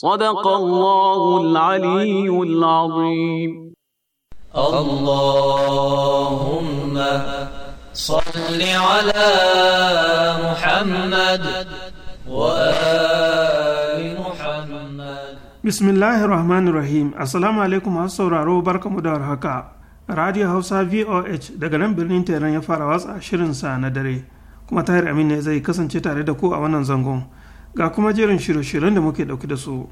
صدق الله العلي العظيم اللهم صل على محمد وآل محمد بسم الله الرحمن الرحيم السلام عليكم sauraro barkamu da Radio Hausa VOH daga nan birnin Teran ya fara watsa shirinsa na dare kuma Tahir Amin ne zai kasance tare da ku a wannan zangon. ga kuma jerin shirye-shiryen da muke dauke da su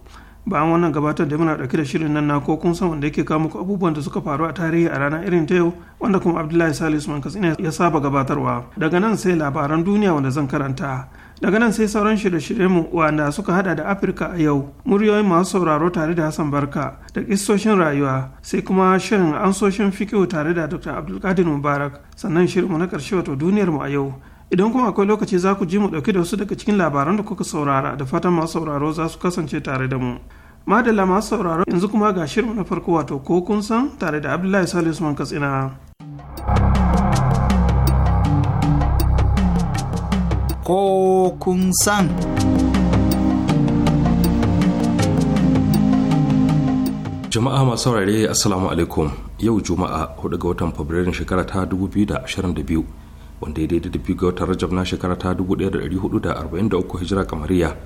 bayan wannan gabatar da muna dauke da shirin nan na ko kun san wanda yake kawo muku abubuwan da suka faru a tarihi a rana irin ta yau wanda kuma abdullahi salis man katsina ya saba gabatarwa daga nan sai labaran duniya wanda zan karanta daga nan sai sauran shirye-shiryen mu wanda suka hada da afirka a yau muryoyin masu sauraro tare da hassan barka da kisoshin rayuwa sai kuma shirin ansoshin fikihu tare da dr abdulkadir mubarak sannan shirin mu na karshe wato duniyar mu a yau idan kuma akwai lokaci za ku ji mu ɗauki da wasu daga cikin labaran da kuka saurara da fatan masu sauraro za su kasance tare da mu madalla masu sauraro yanzu kuma ga shirin na farko wato ko kun san tare da abdullahi salisu usman katsina ko kun san jama'a masu saurare assalamu alaikum yau juma'a 4 ga watan fabrairun shekara ta 2022 wanda ya daidai da biyu ga watan rajab na shekara ta 1443 hijira kamariya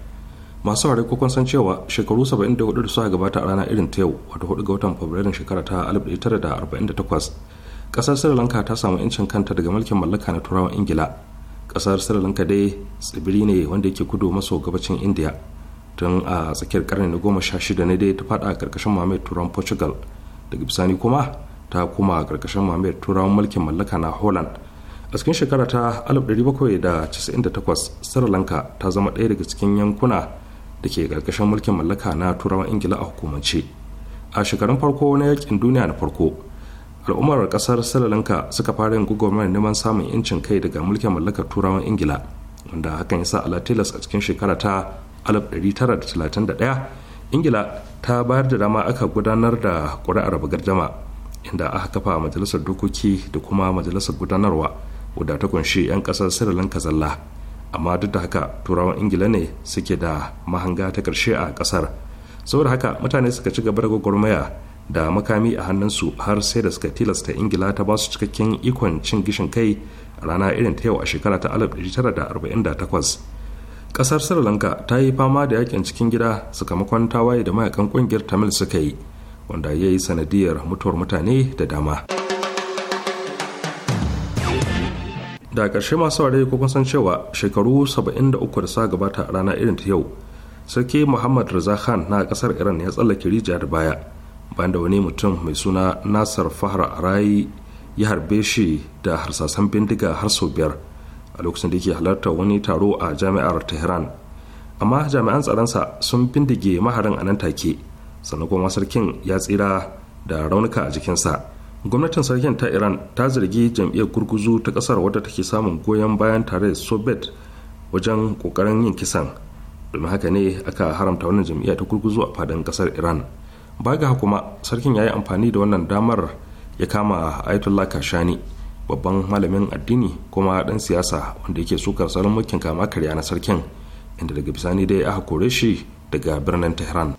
masu ware kokon san cewa shekaru 74 da suka gabata a rana irin ta yau wata 4 ga watan fabrairun shekara ta 1948 kasar sri lanka ta samu incin kanta daga mulkin mallaka na turawan ingila kasar sri lanka dai tsibiri ne wanda yake kudu maso gabacin india tun a tsakiyar karni na goma sha shida ne dai ta fada a karkashin mamayar turawan portugal daga bisani kuma ta kuma a karkashin mamayar turawan mulkin mallaka na holland a cikin shekara ta 1798 sri lanka ta zama ɗaya daga cikin yankuna da ke ƙarƙashin mulkin mallaka na turawan ingila a hukumance a shekarun farko na yakin duniya na farko al'ummar ƙasar sri lanka suka fara yin gugurmar neman samun yancin kai daga mulkin mallakar turawan ingila wanda hakan ya sa alatilas a cikin shekara ta 1931 ingila ta bayar da dama aka gudanar da ƙuri'ar bagardama inda aka kafa majalisar dokoki da kuma majalisar gudanarwa wadda ta kunshi 'yan kasar sri lanka zalla amma duk da haka turawan ingila ne suke da mahanga ta ƙarshe a ƙasar saboda haka mutane suka ci gaba da gwagwarmaya da makami a hannunsu har sai da suka tilasta ingila ta ba su cikakken ikon cin gishin kai a rana irin ta yau a shekara ta 1948 kasar sri lanka ta yi fama da yakin cikin gida sakamakon tawaye da mayakan kungiyar tamil suka yi wanda ya yi sanadiyar mutuwar mutane da dama. da ƙarshe masu ware ko san cewa shekaru 73 da sa gabata a rana irin ta yau sarki muhammad raza khan na ƙasar iran ya tsallake rijiya da baya bayan da wani mutum mai suna nasar fahar rai ya harbe shi da harsasan bindiga har sau biyar a lokacin da yake halarta wani taro a jami'ar tehran amma jami'an tsaronsa sun bindige maharin a nan take sannan kuma sarkin ya tsira da raunuka a jikinsa gwamnatin sarkin ta iran ta zargi jam'iyyar gurguzu ta kasar wadda ke samun goyon bayan tare da soviet wajen kokarin yin kisan domin haka ne aka haramta wannan jam'iyyar ta gurguzu a fadin kasar iran baga kuma sarkin ya yi amfani da wannan damar ya kama ayatollah kashani babban malamin addini kuma dan siyasa wanda yake sukar salon mulkin kama karya na sarkin inda daga bisani dai aka kore shi daga birnin tehran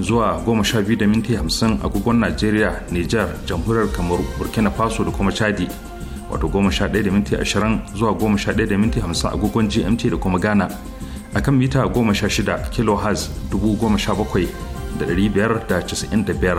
zuwa biyu da minti agogon Najeriya, Nijar, Jamhuriyar Kamaru, Burkina Faso da kuma Chadi. Wato 11.20 da minti zuwa 11.50 da minti agogon GMT da kuma Ghana. A kan mita 16 kHz 17,595.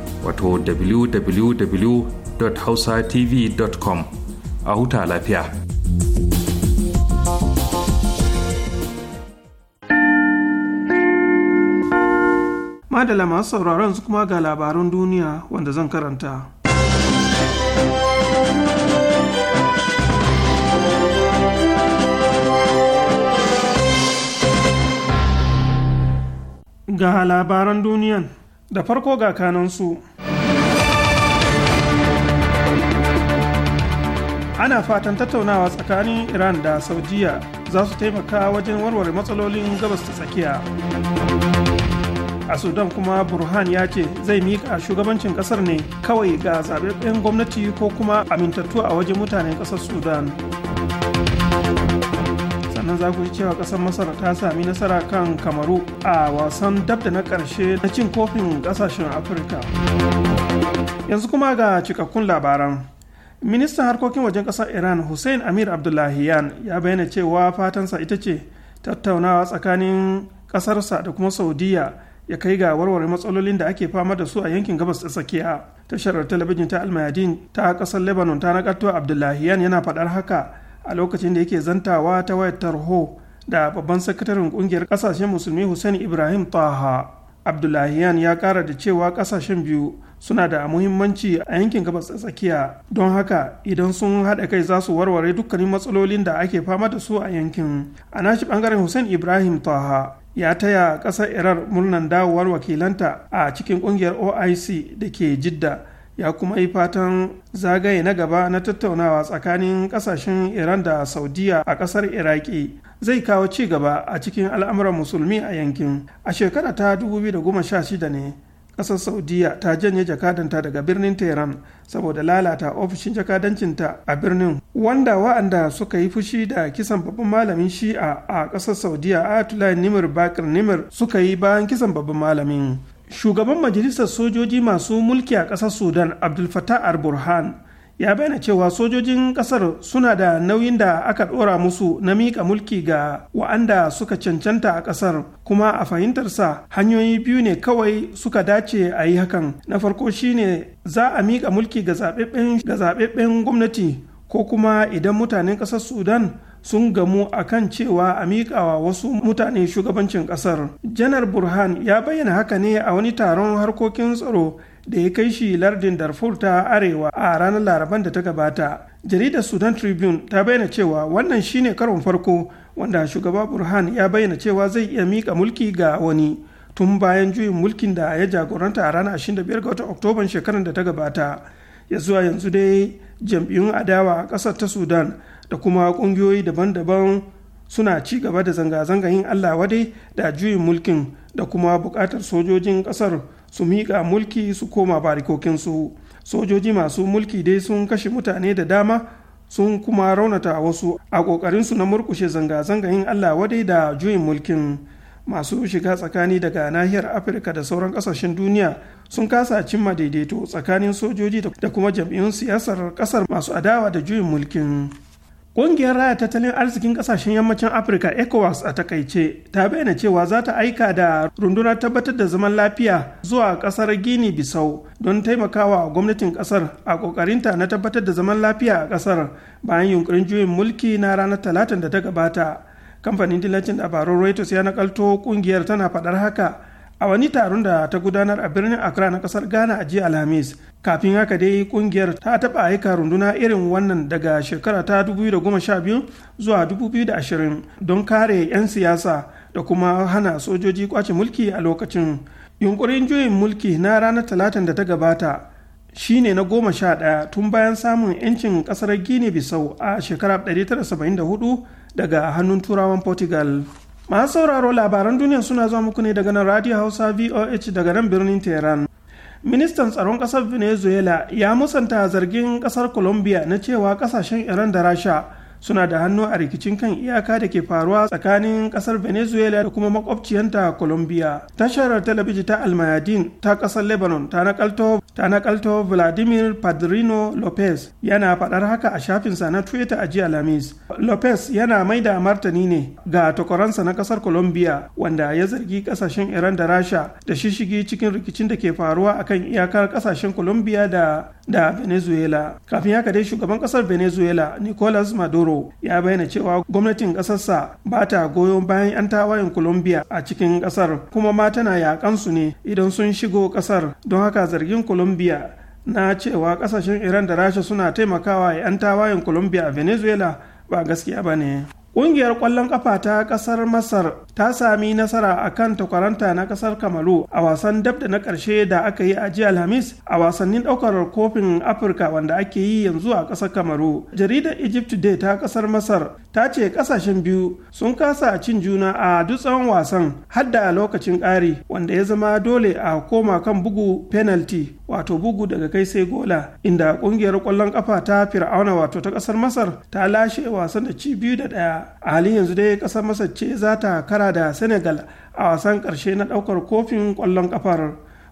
wato www.hausatv.com a huta lafiya. Madala masu sauraron su kuma ga labarun duniya wanda zan karanta. Ga labaran duniyan da farko ga kanansu. su. ana fatan tattaunawa tsakanin iran da saudiya za su taimaka wajen warware matsalolin gabas ta tsakiya a sudan kuma burhan ya ce zai miƙa shugabancin ƙasar ne kawai ga zaɓaɓɓen gwamnati ko kuma amintattu a wajen mutanen ƙasar sudan sannan za ku ji cewa ƙasar masar ta sami nasara kan kamaru a wasan dab da na ƙarshe na cin kofin ƙasashen afirka yanzu kuma ga cikakkun labaran ministan harkokin wajen ƙasar iran hussein amir abdullahiyan ya bayyana cewa fatansa ita ce tattaunawa tsakanin ƙasarsa da kuma saudiya ya kai ga warware matsalolin da ake fama da su a yankin gabas ta tsakiya tashar talabijin ta almayadin ta ƙasar lebanon ta naƙato abdullahiyan yana faɗar haka a lokacin da yake zantawa ta wayar tarho da babban sakataren ƙungiyar ƙasashen musulmi hussein ibrahim taha abdullahiyan ya kara da cewa kasashen biyu suna da muhimmanci a yankin gabas tsakiya don haka idan sun haɗa kai za su warware dukkanin matsalolin da ake fama da su a yankin a nashi ɓangaren hussein ibrahim taha ya taya ƙasar irar murnan dawowar wakilanta a cikin ƙungiyar oic da ke jidda ya kuma yi fatan zagaye na gaba na tattaunawa tsakanin ƙasashen iran da saudiya a ƙasar iraki zai kawo ci gaba a cikin al'amuran musulmi a yankin a shekara ta 2016 ne ƙasar saudiya ta janye jakadanta daga birnin tehran saboda lalata ofishin jakadancinta a birnin wanda wa'anda suka yi fushi da kisan babban malamin shi'a a ƙasar saudiya ayatollah nimir bakir nimir suka yi bayan kisan babban malamin shugaban majalisar sojoji masu mulki a ƙasar sudan abdul al-burhan ya bayyana cewa sojojin kasar suna da nauyin da aka ɗora musu na miƙa mulki ga wa'anda suka cancanta a kasar kuma a fahimtarsa hanyoyi biyu ne kawai suka dace a yi hakan na farko shine za a miƙa mulki ga zaɓaɓɓen gwamnati ko kuma idan mutanen ƙasar sudan sun gamu a kan cewa a miƙawa wasu mutane shugabancin ƙasar. janar burhan ya bayyana haka ne a wani taron harkokin tsaro da ya kai shi lardin darfur ta arewa a ranar laraban da ta gabata jaridar sudan tribune ta bayyana cewa wannan shine karon farko wanda shugaba burhan ya bayyana cewa zai iya mika mulki ga wani tun bayan juyin mulkin da ya jagoranta a ranar 25 ga watan oktoban shekarar da ta gabata ya zuwa yanzu dai jam'iyyun adawa a ƙasar ta sudan da kuma ƙungiyoyi daban-daban suna ci gaba da zanga-zanga yin allah wadai da juyin mulkin da kuma buƙatar sojojin ƙasar su miƙa mulki su koma barikokinsu sojoji masu mulki dai sun kashe mutane da dama sun kuma raunata wasu a ƙoƙarinsu na murkushe zanga zangayin allah wadai da juyin mulkin masu shiga tsakani daga nahiyar afirka da sauran ƙasashen duniya sun kasa cimma daidaito tsakanin sojoji da kuma jam'iyyun siyasar ƙasar masu adawa da juyin mulkin. Ƙungiyar raya tattalin arzikin ƙasashen yammacin Afirka ECOWAS a takaice ta bayyana cewa za ta aika da rundunar tabbatar da zaman lafiya zuwa ƙasar Gini Bisau don taimakawa gwamnatin ƙasar a ƙoƙarinta na tabbatar da zaman lafiya a ƙasar bayan yunkurin juyin mulki na ranar talatin da ta gabata. Kamfanin dillacin dabarun Reuters ya nakalto ƙungiyar tana faɗar haka a wani taron da ta gudanar a birnin accra na kasar ghana a jiya alhamis kafin haka dai kungiyar ta taba aika runduna irin wannan daga shekara ta 2012 zuwa 2020 don kare 'yan siyasa da kuma hana sojoji kwace mulki a lokacin yunkurin juyin mulki na ranar talatin da ta gabata shine na goma sha daya tun bayan samun 'yancin kasar gini bisau a shekara 1974 daga hannun turawan portugal masu sauraro labaran duniya suna zuwa muku ne daga nan radio hausa voh daga nan birnin tehran ministan tsaron kasar venezuela ya musanta zargin kasar colombia na cewa kasashen iran da rasha suna da hannu a rikicin kan iyaka da ke faruwa tsakanin kasar venezuela da kuma makwabciyanta colombia tashar talabijin ta almayadin ta kasar lebanon ta nakalto vladimir padrino lopez yana faɗar haka a shafinsa na twitter a jiya lamis lopez yana mai da martani ne ga takwaransa na kasar colombia wanda ya zargi kasashen iran da rasha da shishigi cikin rikicin da ke faruwa akan iyakar kasashen colombia da da venezuela kafin haka dai shugaban kasar venezuela nicolas maduro ya bayyana cewa gwamnatin kasarsa ba ta goyon bayan 'yan tawayen colombia a cikin kasar kuma ma tana yakansu ne idan sun shigo kasar don haka zargin colombia na cewa kasashen iran da rasha suna taimakawa 'yan tawayen colombia a venezuela ba gaskiya ba ne Ƙungiyar ƙwallon ƙafa ta ƙasar Masar ta sami nasara a kan takwaranta na ƙasar Kamaru a wasan dab da na ƙarshe da aka yi a jiya Alhamis a wasannin ɗaukar kofin Afirka wanda ake yi yanzu a ƙasar Kamaru. Jaridar Egypt Today ta ƙasar Masar ta ce ƙasashen biyu sun kasa cin juna a dutsen wasan har da lokacin ƙari wanda ya zama dole a koma kan bugu penalty wato bugu daga kai sai gola inda kungiyar kwallon kafa ta fir'auna wato ta kasar masar ta lashe wasan da ci biyu da daya a halin yanzu dai kasar masar ce za ta kara da senegal a wasan karshe na daukar kofin kwallon kafar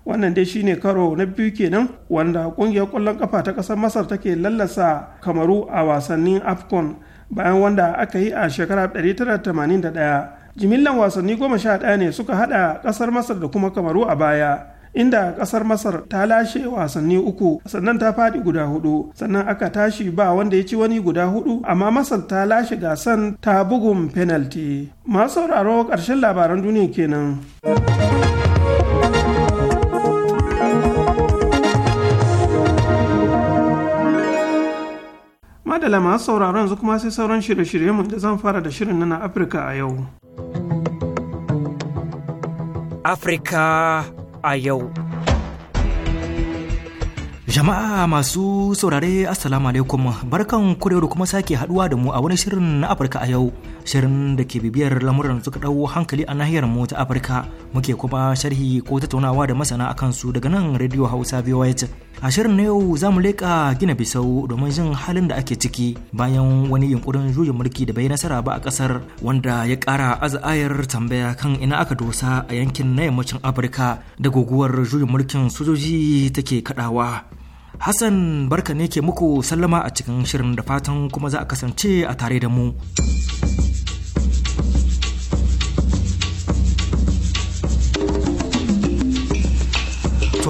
wannan dai shine karo na biyu kenan wanda kungiyar kwallon kafa ta kasar masar take lallasa kamaru a wasannin afcon bayan wanda aka yi a shekara 1981 jimillan wasanni goma sha ɗaya ne suka hada kasar masar da kuma kamaru a baya inda kasar masar ta lashe wasanni uku sannan ta faɗi guda hudu sannan aka tashi ba wanda ya ci wani guda hudu amma masar ta lashe gasan ta bugun penalty masu sauraro ƙarshen labaran duniya kenan. madala masu sauraron yanzu kuma sai sauran shirye-shirye mu da zan fara da shirin na afirka a yau afirka a yau. Jama'a masu saurare Assalamu alaikum barkan kurewa kuma sake haduwa da mu a wani shirin na Afirka a yau. shirin da ke bibiyar lamuran suka ɗau hankali a nahiyar mu ta afirka muke kuma sharhi ko tattaunawa da masana a kansu daga nan radio hausa voh a shirin na yau za mu leƙa gina bisau domin jin halin da ake ciki bayan wani yunkurin juyin mulki da bai nasara ba a ƙasar wanda ya ƙara aza'ayar tambaya kan ina aka dosa a yankin na yammacin afirka da guguwar juyin mulkin sojoji take kaɗawa Hassan barka ne ke muku sallama a cikin shirin da fatan kuma za a kasance a tare da mu.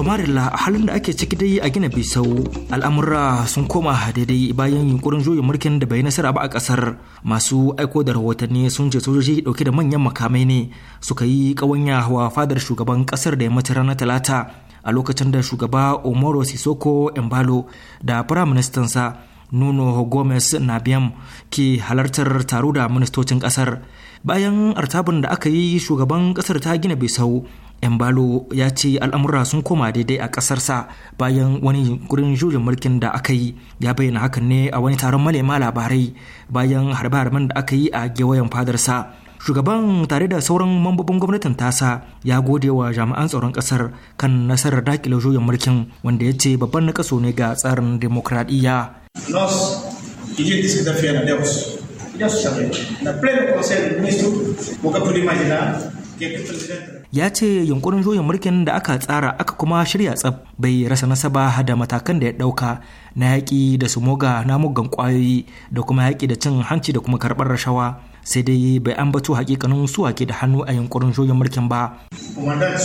somalila a halin da ake ciki dai a gina bisau al'amura sun koma daidai bayan yunkurin juyin mulkin da bai nasara ba a kasar masu aiko da rahotanni sun ce sojoji dauke da manyan makamai ne suka yi kawanya wa fadar shugaban kasar da ya mace rana talata a lokacin da shugaba omoro sisoko embalo da firaministansa nuno gomez nabiam ke halartar taro da ministocin kasar bayan artabin da aka yi shugaban kasar ta gina bisau Embalo ya ce al'amurra sun koma daidai a ƙasarsa bayan wani gurin juyin mulkin da aka yi ya bayyana hakan ne a wani taron manema labarai bayan harbe-harben da aka yi a gewayen fadarsa shugaban tare da sauran mambobin gwamnatin tasa ya gode wa jami'an tsaron ƙasar kan nasarar dakile juyin mulkin wanda ya ce babban nakaso ne ga tsarin demokradiyya Nos, ya ce yunkurin juyin mulkin da aka tsara aka kuma shirya tsab bai rasa nasaba da matakan da ya ɗauka na yaƙi da su moga na mugan ƙwayoyi da kuma yaƙi da cin hanci da kuma karɓar rashawa sai dai bai ambato hakikanin su ke da hannu a yunkurin juyin mulkin ba. Commandant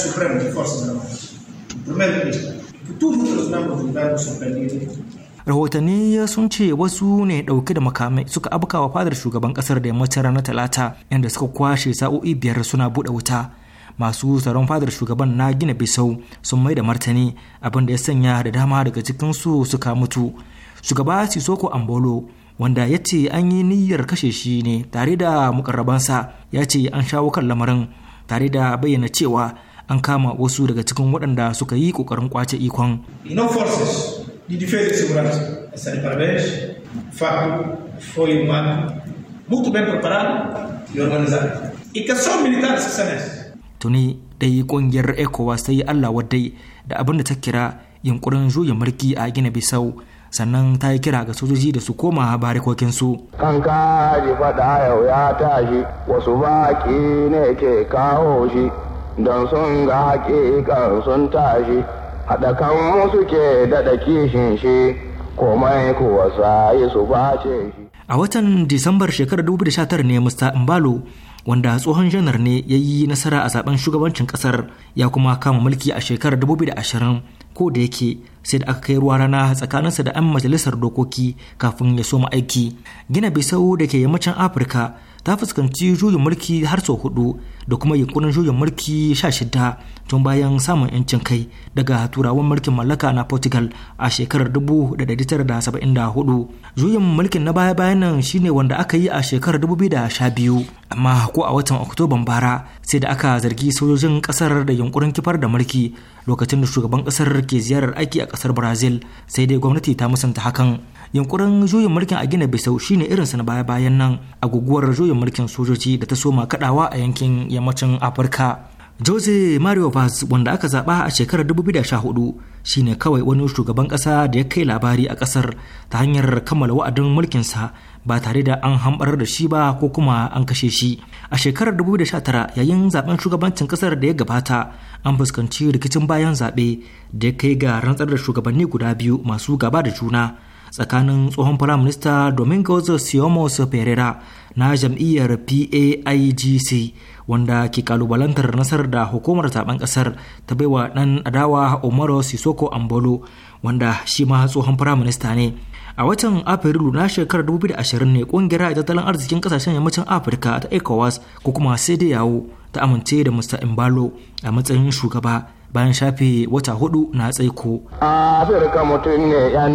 rahotanni sun ce wasu ne dauke da makamai suka wa fadar shugaban kasar da ya yammacin ranar talata inda suka kwashe sa'o'i biyar suna buɗe wuta masu tsaron fadar shugaban na gina bisau sun mai da martani abin da ya sanya da dama daga cikin su suka mutu shugaba sisoko ambolo wanda ya ce an yi niyyar kashe shi ne tare da mukarrabansa ya ce an shawo kan lamarin tare da bayyana cewa an kama wasu daga cikin waɗanda suka yi ƙoƙarin kwace ikon. de defesa e segurança. Está de parabéns. De facto, foi um ano muito bem preparado e organizado. E que são militares que são esses. Tuni dai kungiyar ECOWAS ta yi Allah wadai da abin da ta kira yunkurin juyin mulki a Gina Bisau sannan ta yi kira ga sojoji da su koma barikokinsu. Kan kaji fada yau ya tashi wasu baki ne ke kawo shi don sun ga hakikan sun tashi a musu ke daɗa kishin shi komai kuwa yi su face shi. A watan Disambar shekarar 2019 ne Mr. Mbalo wanda tsohon janar ne ya yi nasara a zaben shugabancin kasar ya kuma kama mulki a shekarar 2020 ko da yake sai da aka kai ruwa rana tsakaninsa da 'yan majalisar dokoki kafin ya soma aiki gina bisau da ke yammacin afirka ta fuskanci juyin mulki har sau hudu da kuma yunkurin juyin mulki sha shida tun bayan samun 'yancin kai daga turawan mulkin mallaka na portugal a shekarar 1974 juyin mulkin na baya-bayan nan shine wanda aka yi a shekarar 2012 amma ko a watan oktoban bara sai da aka zargi sojojin kasar da yunkurin kifar da mulki lokacin da shugaban kasar ke ziyarar aiki a kasar brazil sai dai gwamnati ta musanta hakan yunkurin juyin mulkin a gina bisau shine irinsa na baya-bayan nan a guguwar juyin juyin mulkin sojoji da ta soma kadawa a yankin yammacin afirka jose mario vaz wanda aka zaba a shekarar 2014 shine kawai wani shugaban kasa da ya kai labari a kasar ta hanyar kammala wa'adin mulkinsa ba tare da an hambarar da shi ba ko kuma an kashe shi a shekarar 2019 yayin zaben shugabancin kasar da ya gabata an fuskanci rikicin bayan zabe da ya kai ga rantsar da shugabanni guda biyu masu gaba da juna tsakanin tsohon firaminista domingos siomos pereira na jam'iyyar paigc wanda ke kalubalantar nasar da hukumar zaben kasar ta baiwa dan adawa umaru sisoko ambolo wanda shi ma tsohon firaminista ne a watan afrilu na shekarar 2020 ne kungiyar tattalin arzikin kasashen yammacin afirka ta ecowas ko kuma sai yawo ta amince da mr imbalo a matsayin shugaba bayan shafe wata hudu na tsaiko afirka mutum ne 'yan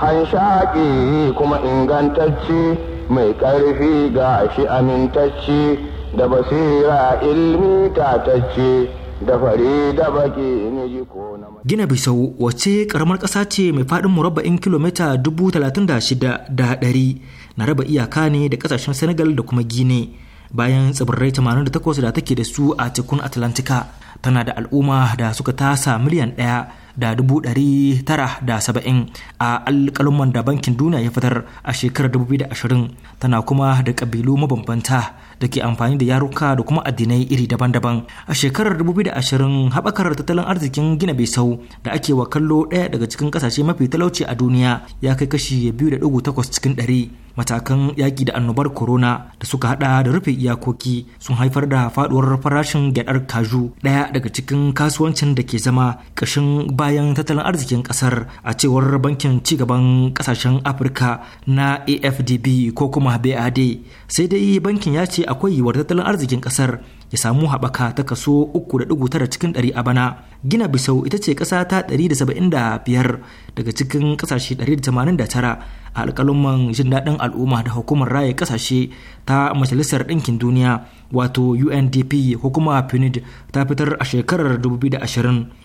hanshaƙi kuma ingantacce mai ƙarfi ga shi amintacce da basira ilmi tatacce da fari da baki ne ko na Gina Bisau wace karamar ƙasa ce mai faɗin murabba'in kilomita ɗari na raba iyaka ne da ƙasashen Senegal da kuma Gine bayan tsibirai 88 da take da su a tekun Atlantika tana da al'umma da suka tasa miliyan ɗaya da dubu ɗari tara da saba'in a alƙalumman da bankin duniya ya fitar a shekarar 2020 tana kuma da ƙabilu mabambanta da ke amfani da yaruka da kuma addinai iri daban-daban a shekarar ashirin haɓakar tattalin arzikin gina bisau da ake wa kallo ɗaya daga cikin ƙasashe mafi talauci a duniya ya kai kashi 2.8 cikin ɗari. matakan yaƙi da annobar corona da suka haɗa da rufe iyakoki sun haifar da faɗuwar farashin gyaɗar kaju ɗaya daga cikin kasuwancin da ke zama ƙashin bayan tattalin arzikin ƙasar a cewar bankin ci gaban ƙasashen afirka na afdb ko kuma bad sai dai bankin ya ce ce akwai yiwuwar tattalin arzikin kasar ya samu haɓaka ta kaso 3.9 cikin 100 a bana gina bisau ita ce ƙasa ta 175 daga cikin ƙasashe 189 a alƙaluman jin daɗin al'umma da hukumar raye ƙasashe ta majalisar ɗinkin duniya wato undp ko kuma pnud ta fitar a shekarar 2020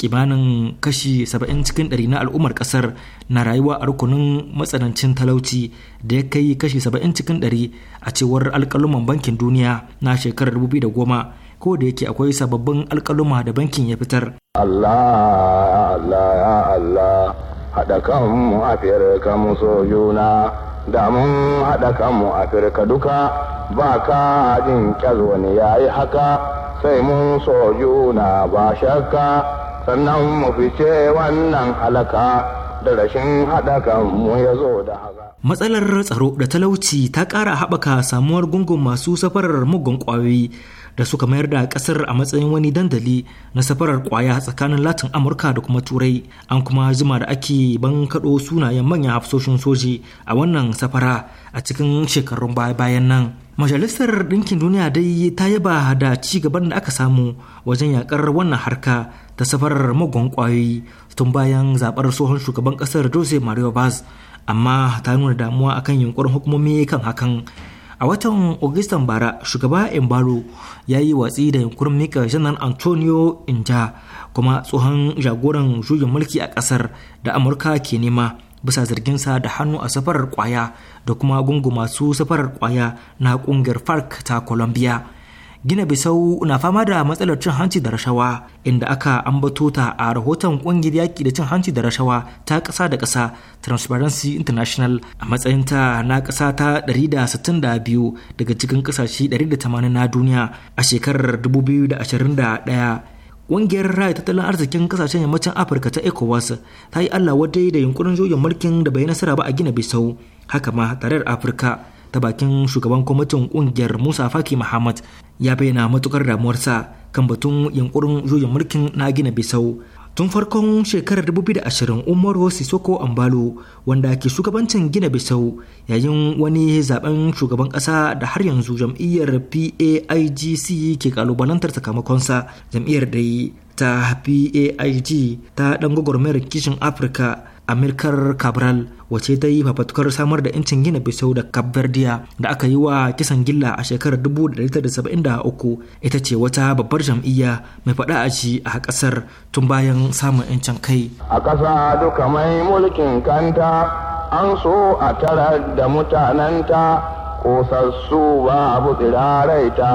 kimanin kashi 70 cikin ɗari na al'ummar ƙasar na rayuwa a rukunin matsanancin talauci da ya kai kashi 70 cikin ɗari a cewar alƙaluman bankin duniya na shekarar 2010 ko da yake akwai sababbin alƙaluma da bankin ya fitar. Allah Allah Allah haɗa kanmu Afirka mu so juna da mun haɗa kanmu Afirka duka ba ka jin wani ya yi haka sai mun so juna ba shakka sannan mu fice wannan halaka da rashin haɗa mu ya zo da haka. Matsalar tsaro da talauci ta ƙara haɓaka samuwar gungun masu safarar mugun ƙwayoyi da suka mayar da ƙasar a matsayin wani dandali na safarar ƙwaya tsakanin Latin Amurka da kuma Turai. An kuma jima da ake ban kaɗo sunayen manyan hafsoshin soji a wannan safara a cikin shekarun baya-bayan nan. majalisar ɗinkin duniya dai ta yaba da ci gaban da aka samu wajen yakar wannan harka ta safarar magon kwayoyi tun bayan zaɓar tsohon shugaban ƙasar jose mario vaz amma ta nuna damuwa akan yunkurin hukumomi kan hakan a watan augustan bara shugaba embaro ya yi watsi da yunkurin mika janar antonio inja kuma tsohon jagoran juyin mulki a ƙasar da amurka ke nema bisa sa da hannu a safarar kwaya da kuma gungu masu safarar kwaya na kungiyar farc ta colombia gina bisau na fama da matsalar cin hanci da rashawa inda aka ambato ta a rahoton kungiyar yaki da cin hanci da rashawa ta ƙasa da ƙasa transparency international a matsayin ta na ƙasa ta 162 daga cikin ƙasashe 180 na duniya a shekarar 2021 ƙungiyar raya tattalin arzikin kasashen yammacin afirka ta ecowas ta yi allah wadai da yunkurin juyin mulkin da bai nasara ba a gina bisau haka ma tarayyar afirka ta bakin shugaban kwamitin ƙungiyar musa faki muhammad ya bayyana matukar damuwarsa kan batun yunkurin juyin mulkin na gina bisau tun farkon shekarar 2020 umaru sisoko ambalo wanda ke shugabancin gina bisau yayin wani zaben shugaban kasa da har yanzu jam'iyyar paigc ke kalubalantar sakamakonsa jam'iyyar da ta paig ta dan gwagwarmayar kishin afirka amirkar cabral wace ta yi fafatukar samar da 'yancin gina bisau da verdea da aka yi wa kisan gilla a shekarar 1973 ita ce wata babbar jam'iyya mai faɗa a ji a ƙasar tun bayan samun 'yancin kai a ƙasa duka mai mulkin kanta an so a tara da mutanenta kosassu ba abu ta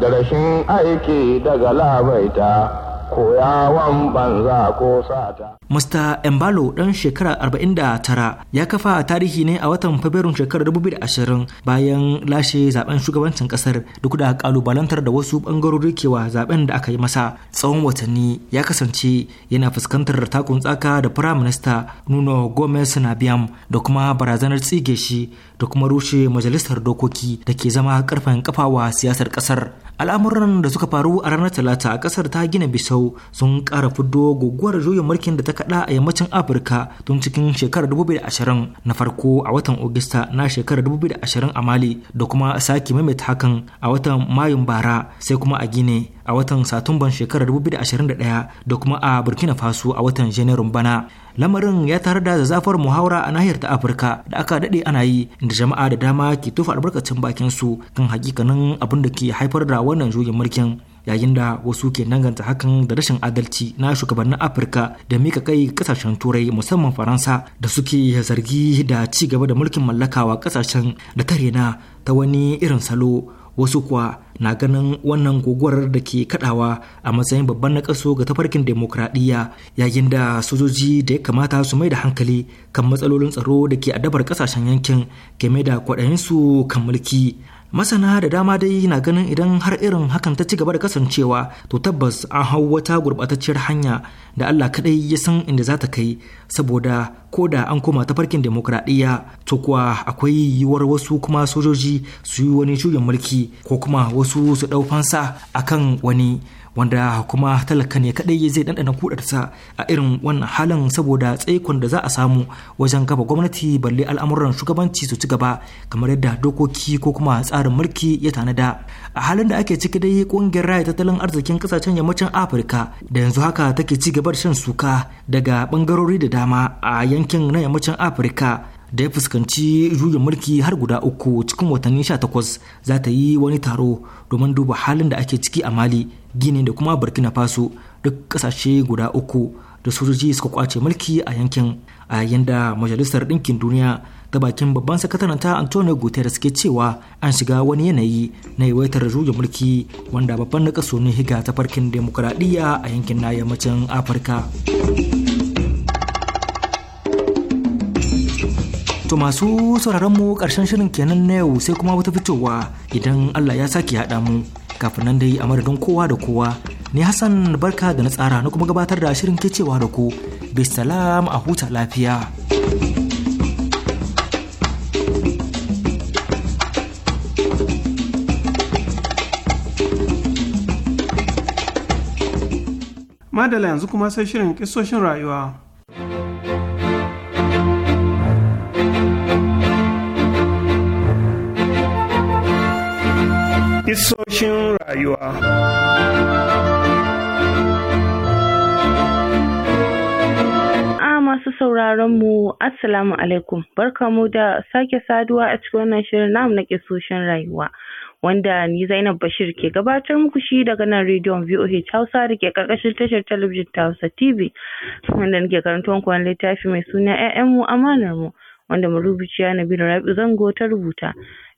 da rashin aiki daga labaita koyawan banza ko sata. Mr. Embalo ɗan shekara 49 ya kafa tarihi ne a watan Fabrairun shekarar 2020 bayan lashe zaben shugabancin kasar duk da kalubalantar da wasu ɓangarori kewa zaben da aka yi masa tsawon watanni ya kasance yana fuskantar takun tsaka da prime minister Nuno Gomez Nabiam da kuma barazanar tsige shi da kuma rushe majalisar dokoki da ke zama karfen kafawa siyasar kasar al'amuran da suka faru a ranar talata a kasar ta gina bisau sun kara fiddo guguwar juyin mulkin da ta kada a yammacin afirka tun cikin shekarar 2020 na farko a watan ogista na shekarar 2020 a mali da kuma sake maimaita hakan a watan mayun bara sai kuma a gine a watan satumban shekarar 2021 da kuma a burkina faso a watan janairun bana lamarin ya tarar da zafar muhawara a nahiyar ta afirka da aka daɗe ana yi inda jama'a da dama ke tufa albarkacin bakin su kan hakikanin abin da ke haifar da wannan juyin mulkin yayin da wasu ke danganta hakan da rashin adalci na shugabannin afirka da mika kai kasashen turai musamman faransa da suke zargi da ci gaba da mulkin mallakawa kasashen da tare na ta wani irin salo wasu kuwa na ganin wannan guguwar da ke kadawa a matsayin babban nakaso ga tafarkin demokradiyya yayin da sojoji da ya kamata su mai da hankali kan matsalolin tsaro da ke adabar kasashen yankin game da kwaɗayinsu kan mulki masana da dama dai na ganin idan har irin hakan ta ci gaba da kasancewa to tabbas an hau wata gurɓatacciyar hanya da allah kaɗai ya san inda za ta kai saboda ko da an koma ta farkin demokradiyya to kuwa akwai yiwuwar wasu kuma sojoji su yi wani shugin mulki ko kuma wasu su ɗau fansa akan wani wanda kuma talaka ne kadai zai ɗanɗana kudarsa a irin wannan halin saboda tsaikon da za a samu wajen gaba gwamnati balle al'amuran shugabanci su ci gaba kamar yadda dokoki ko kuma tsarin mulki ya tanada a halin da ake ciki dai kungiyar raya tattalin arzikin kasashen yammacin afirka da yanzu haka take ci gaba da shan suka daga bangarori da dama a yankin na yammacin afirka da ya fuskanci juyin mulki har guda uku cikin watanni 18 za ta yi wani taro domin duba halin da ake ciki a mali gini da kuma burkina faso duk kasashe guda uku da sojoji suka kwace mulki a yankin a yayin da majalisar ɗinkin duniya ta bakin babban sakataren ta antonio guterres ke cewa an shiga wani yanayi na yawaitar juyin mulki wanda babban na ne higa ta farkin demokuraɗiyya a yankin na yammacin afirka To masu sauraron mu karshen shirin kenan na yau sai kuma wata fitowa idan Allah ya sake haɗa mu kafin nan dai a madadin kowa da kowa ni Hassan barka da na tsara na kuma gabatar da shirin ke cewa da ku bisalam a huta lafiya. Madala yanzu kuma sai shirin kisoshin rayuwa. Isoshin rayuwa. A masu sauraron mu assalamu alaikum barkamu da sake saduwa a cikin wannan shirin namu na kisoshin rayuwa wanda ni Zainab Bashir ke gabatar muku shi daga nan rediyon VOH Hausa da ke karkashin tashar talabijin ta Hausa TV wanda nake karanto muku wani littafi mai suna 'ya'yan mu amanar mu wanda marubuciya Nabila Rabi Zango ta rubuta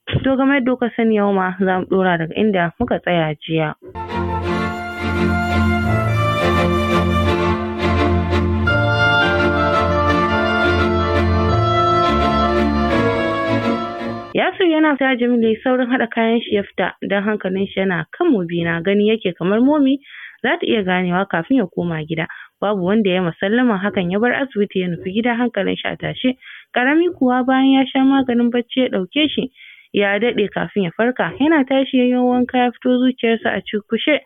To game yadda kuka sani yau ma za mu ɗora daga inda muka tsaya jiya. Yasir yana fita Jamilu ya saurin haɗa kayan shi ya fita don hankalin shi yana kan na gani yake kamar momi za ta iya ganewa kafin ya koma gida. Babu wanda ya masallama hakan ya bar asibiti ya nufi gida hankalin shi a tashe. Ƙarami kuwa bayan ya sha maganin bacci ya ɗauke shi ya daɗe kafin ya farka yana tashi yayin wanka ya fito zuciyarsa a cunkushe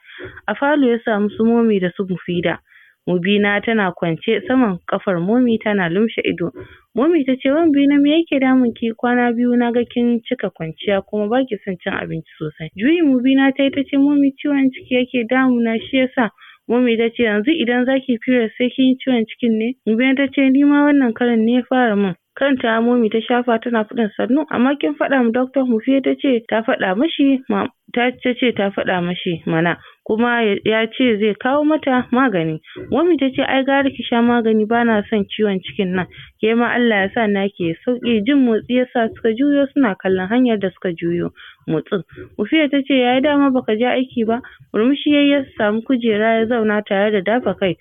a falo ya samu su momi da su mufida mubina tana kwance saman kafar momi tana lumshe ido momi ta ce mubina me yake damun ki kwana biyu na ga kin cika kwanciya kuma ba son cin abinci sosai juyi mubina ta yi ce momi ciwon ciki yake damuna shi yasa Mummy ta ce yanzu idan zaki fira sai kin ciwon cikin ne? Mubina ta ce ni ma wannan karin ne ya fara mun. kanta Momi ta shafa tana faɗin sannu amma kin faɗa ma doctor mu ta ce ta faɗa mashi ta ce ta fada mashi mana kuma ya ce zai kawo mata magani. Momi ta ce ai gara ki sha magani bana son ciwon cikin nan ke ma Allah ya sa naki ya sauki jin motsi yasa suka juyo suna kallon hanyar da suka juyo motsin. Mufiya ta ce yayi dama baka je aiki ba murmushi ya samu kujera ya zauna tare da dafa kai.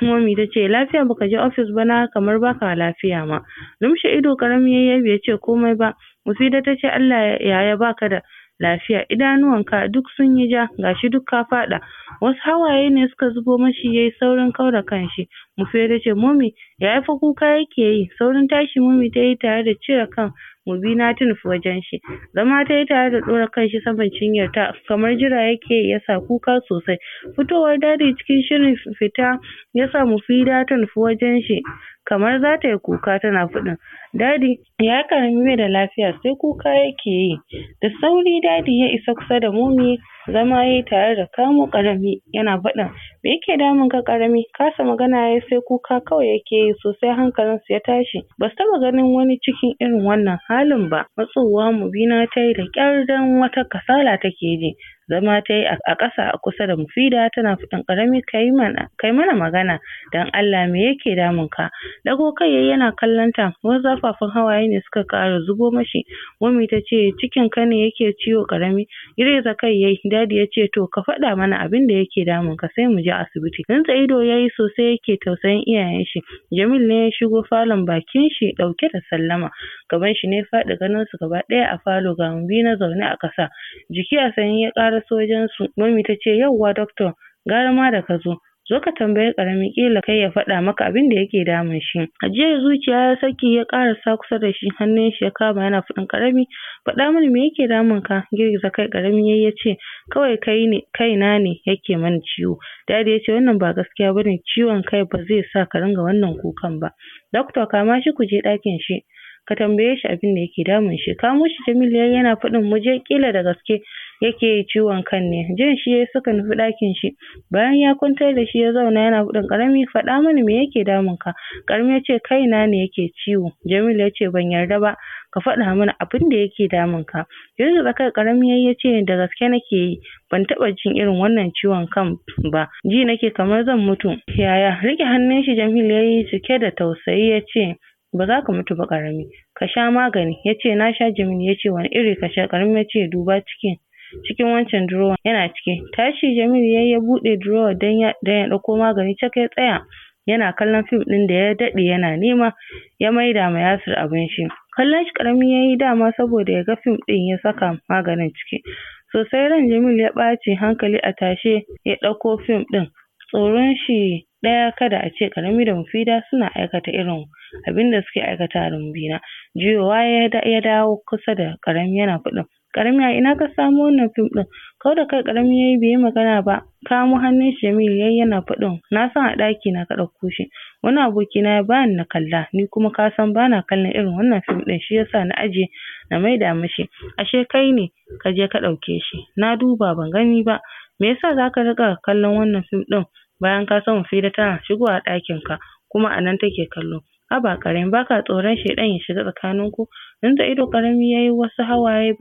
Momi ta ce lafiya baka je ofis ba na kamar baka lafiya ma. Lumshe ido karami yayi bai ce komai ba. Musida ta ce Allah ya baka da lafiya idanuwanka duk sun yi ja gashi duk ka faɗa. Wasu hawaye ne suka zubo mashi yayi saurin kauda kanshi. Musida ta ce Momi Ya fa kuka yake yi, saurin tashi Mummy ta yi tare da cire kan Mubina na nufi wajen shi. Zama ta yi tare da ɗora kan shi saman cinyar ta. kamar jira yake ya sa kuka sosai. Fitowar Dadi cikin shirin fita ya sa da ta nufi wajen shi kamar za ta yi kuka tana faɗin Dadi ya karami mai da lafiya sai kuka yake yi. Da sauri Dadi ya isa kusa da Mummy zama yayi tare da kamo ƙarami yana faɗin me yake damun ka ƙarami kasa magana yayi sai kuka kawai yake yi sosai hankalinsu ya tashi Ba su taɓa ganin wani cikin irin wannan halin ba matsowa mu na tayi da ƙyar dan wata kasala take ji zama ta yi a ƙasa a kusa da mufida tana faɗin ƙarami kai mana magana dan Allah me yake damun ka dago kai yayi yana kallon ta wani zafafan hawaye ne suka ƙara zubo mashi wami ta ce cikin ka ne yake ciwo ƙarami girgiza kai yayi dadi ya ce to ka faɗa mana abin da yake damun ka sai mu je asibiti rintsa ido yayi sosai yake tausayin iyayen shi Jamil ne ya shigo falon bakin shi ɗauke da sallama gaban shi ne faɗi ganin su gaba ɗaya a falo ga mumbi na zaune a ƙasa jiki a sanyi ya ƙara gara su, mami ta ce yauwa doctor gara ma da ka zo. Zo ka tambayi karamin kila kai ya faɗa maka abin da yake damun shi. Ajiyar zuciya ya saki ya sa kusa da shi hannun shi ya kama yana faɗin karami faɗa mini me yake damun ka girgiza kai karami yayi yace kawai kai ne na ne yake mani ciwo. Dadi ya ce wannan ba gaskiya bane ciwon kai ba zai sa ka ringa wannan kukan ba. Doctor kama shi ku je ɗakin shi. ka tambaye shi abin da yake damun shi Ka shi Jamilu yayi yana faɗin mu je kila da gaske yake ciwon kan ne jin shi yayi suka nufi ɗakin shi bayan ya kwantar da shi ya zauna yana faɗin ƙarami faɗa mini me yake damun ka ƙarami yace kaina ne yake ciwo Jamilu yace ban yarda ba ka faɗa mana abin da yake damun ka yanzu tsakar ƙarami yayi yace da gaske nake yi ban taɓa jin irin wannan ciwon kan ba ji nake kamar zan mutu yaya riƙe hannun shi Jamilu yayi cike da tausayi yace ba za ka mutu ba ƙarami ka sha magani ya ce na sha Jamilu ya ce wani iri ka sha ƙarami ya ce duba cikin cikin wancan durowan yana ciki tashi Jamilu ya yi ya buɗe durowar don ya ɗauko magani cak ya tsaya yana kallon fim ɗin da ya daɗe yana nema ya maida ma Yasir abin shi kallon shi ƙarami ya yi dama saboda ya ga fim ɗin ya saka maganin ciki sosai ran Jamilu ya ɓaci hankali a tashe ya ɗauko fim ɗin tsoron shi ɗaya kada a ce ƙarami da mufida suna aikata irin abinda suke aikatawa da mubina juyowa ya dawo kusa da ƙarami yana faɗin ƙarami a ina ka samo wannan fim ɗin kau da kai ƙarami yayi bai yi magana ba kamo hannun shi Jamil yayi yana faɗin na san a ɗaki na ka ɗauko shi wani aboki na ya bani na kalla ni kuma ka san bana kallon irin wannan fim ɗin shi yasa na ajiye na maida mishi ashe kai ne ka je ka ɗauke shi na duba ban gani ba me yasa zaka riƙa kallon wannan fim ɗin bayan ka san Mufida tana shigowa ɗakin ka kuma a nan take kallo. Haba ƙarami baka tsoron shaiɗan ya shiga tsakanin ku? da ido ƙarami yayi wasu hawaye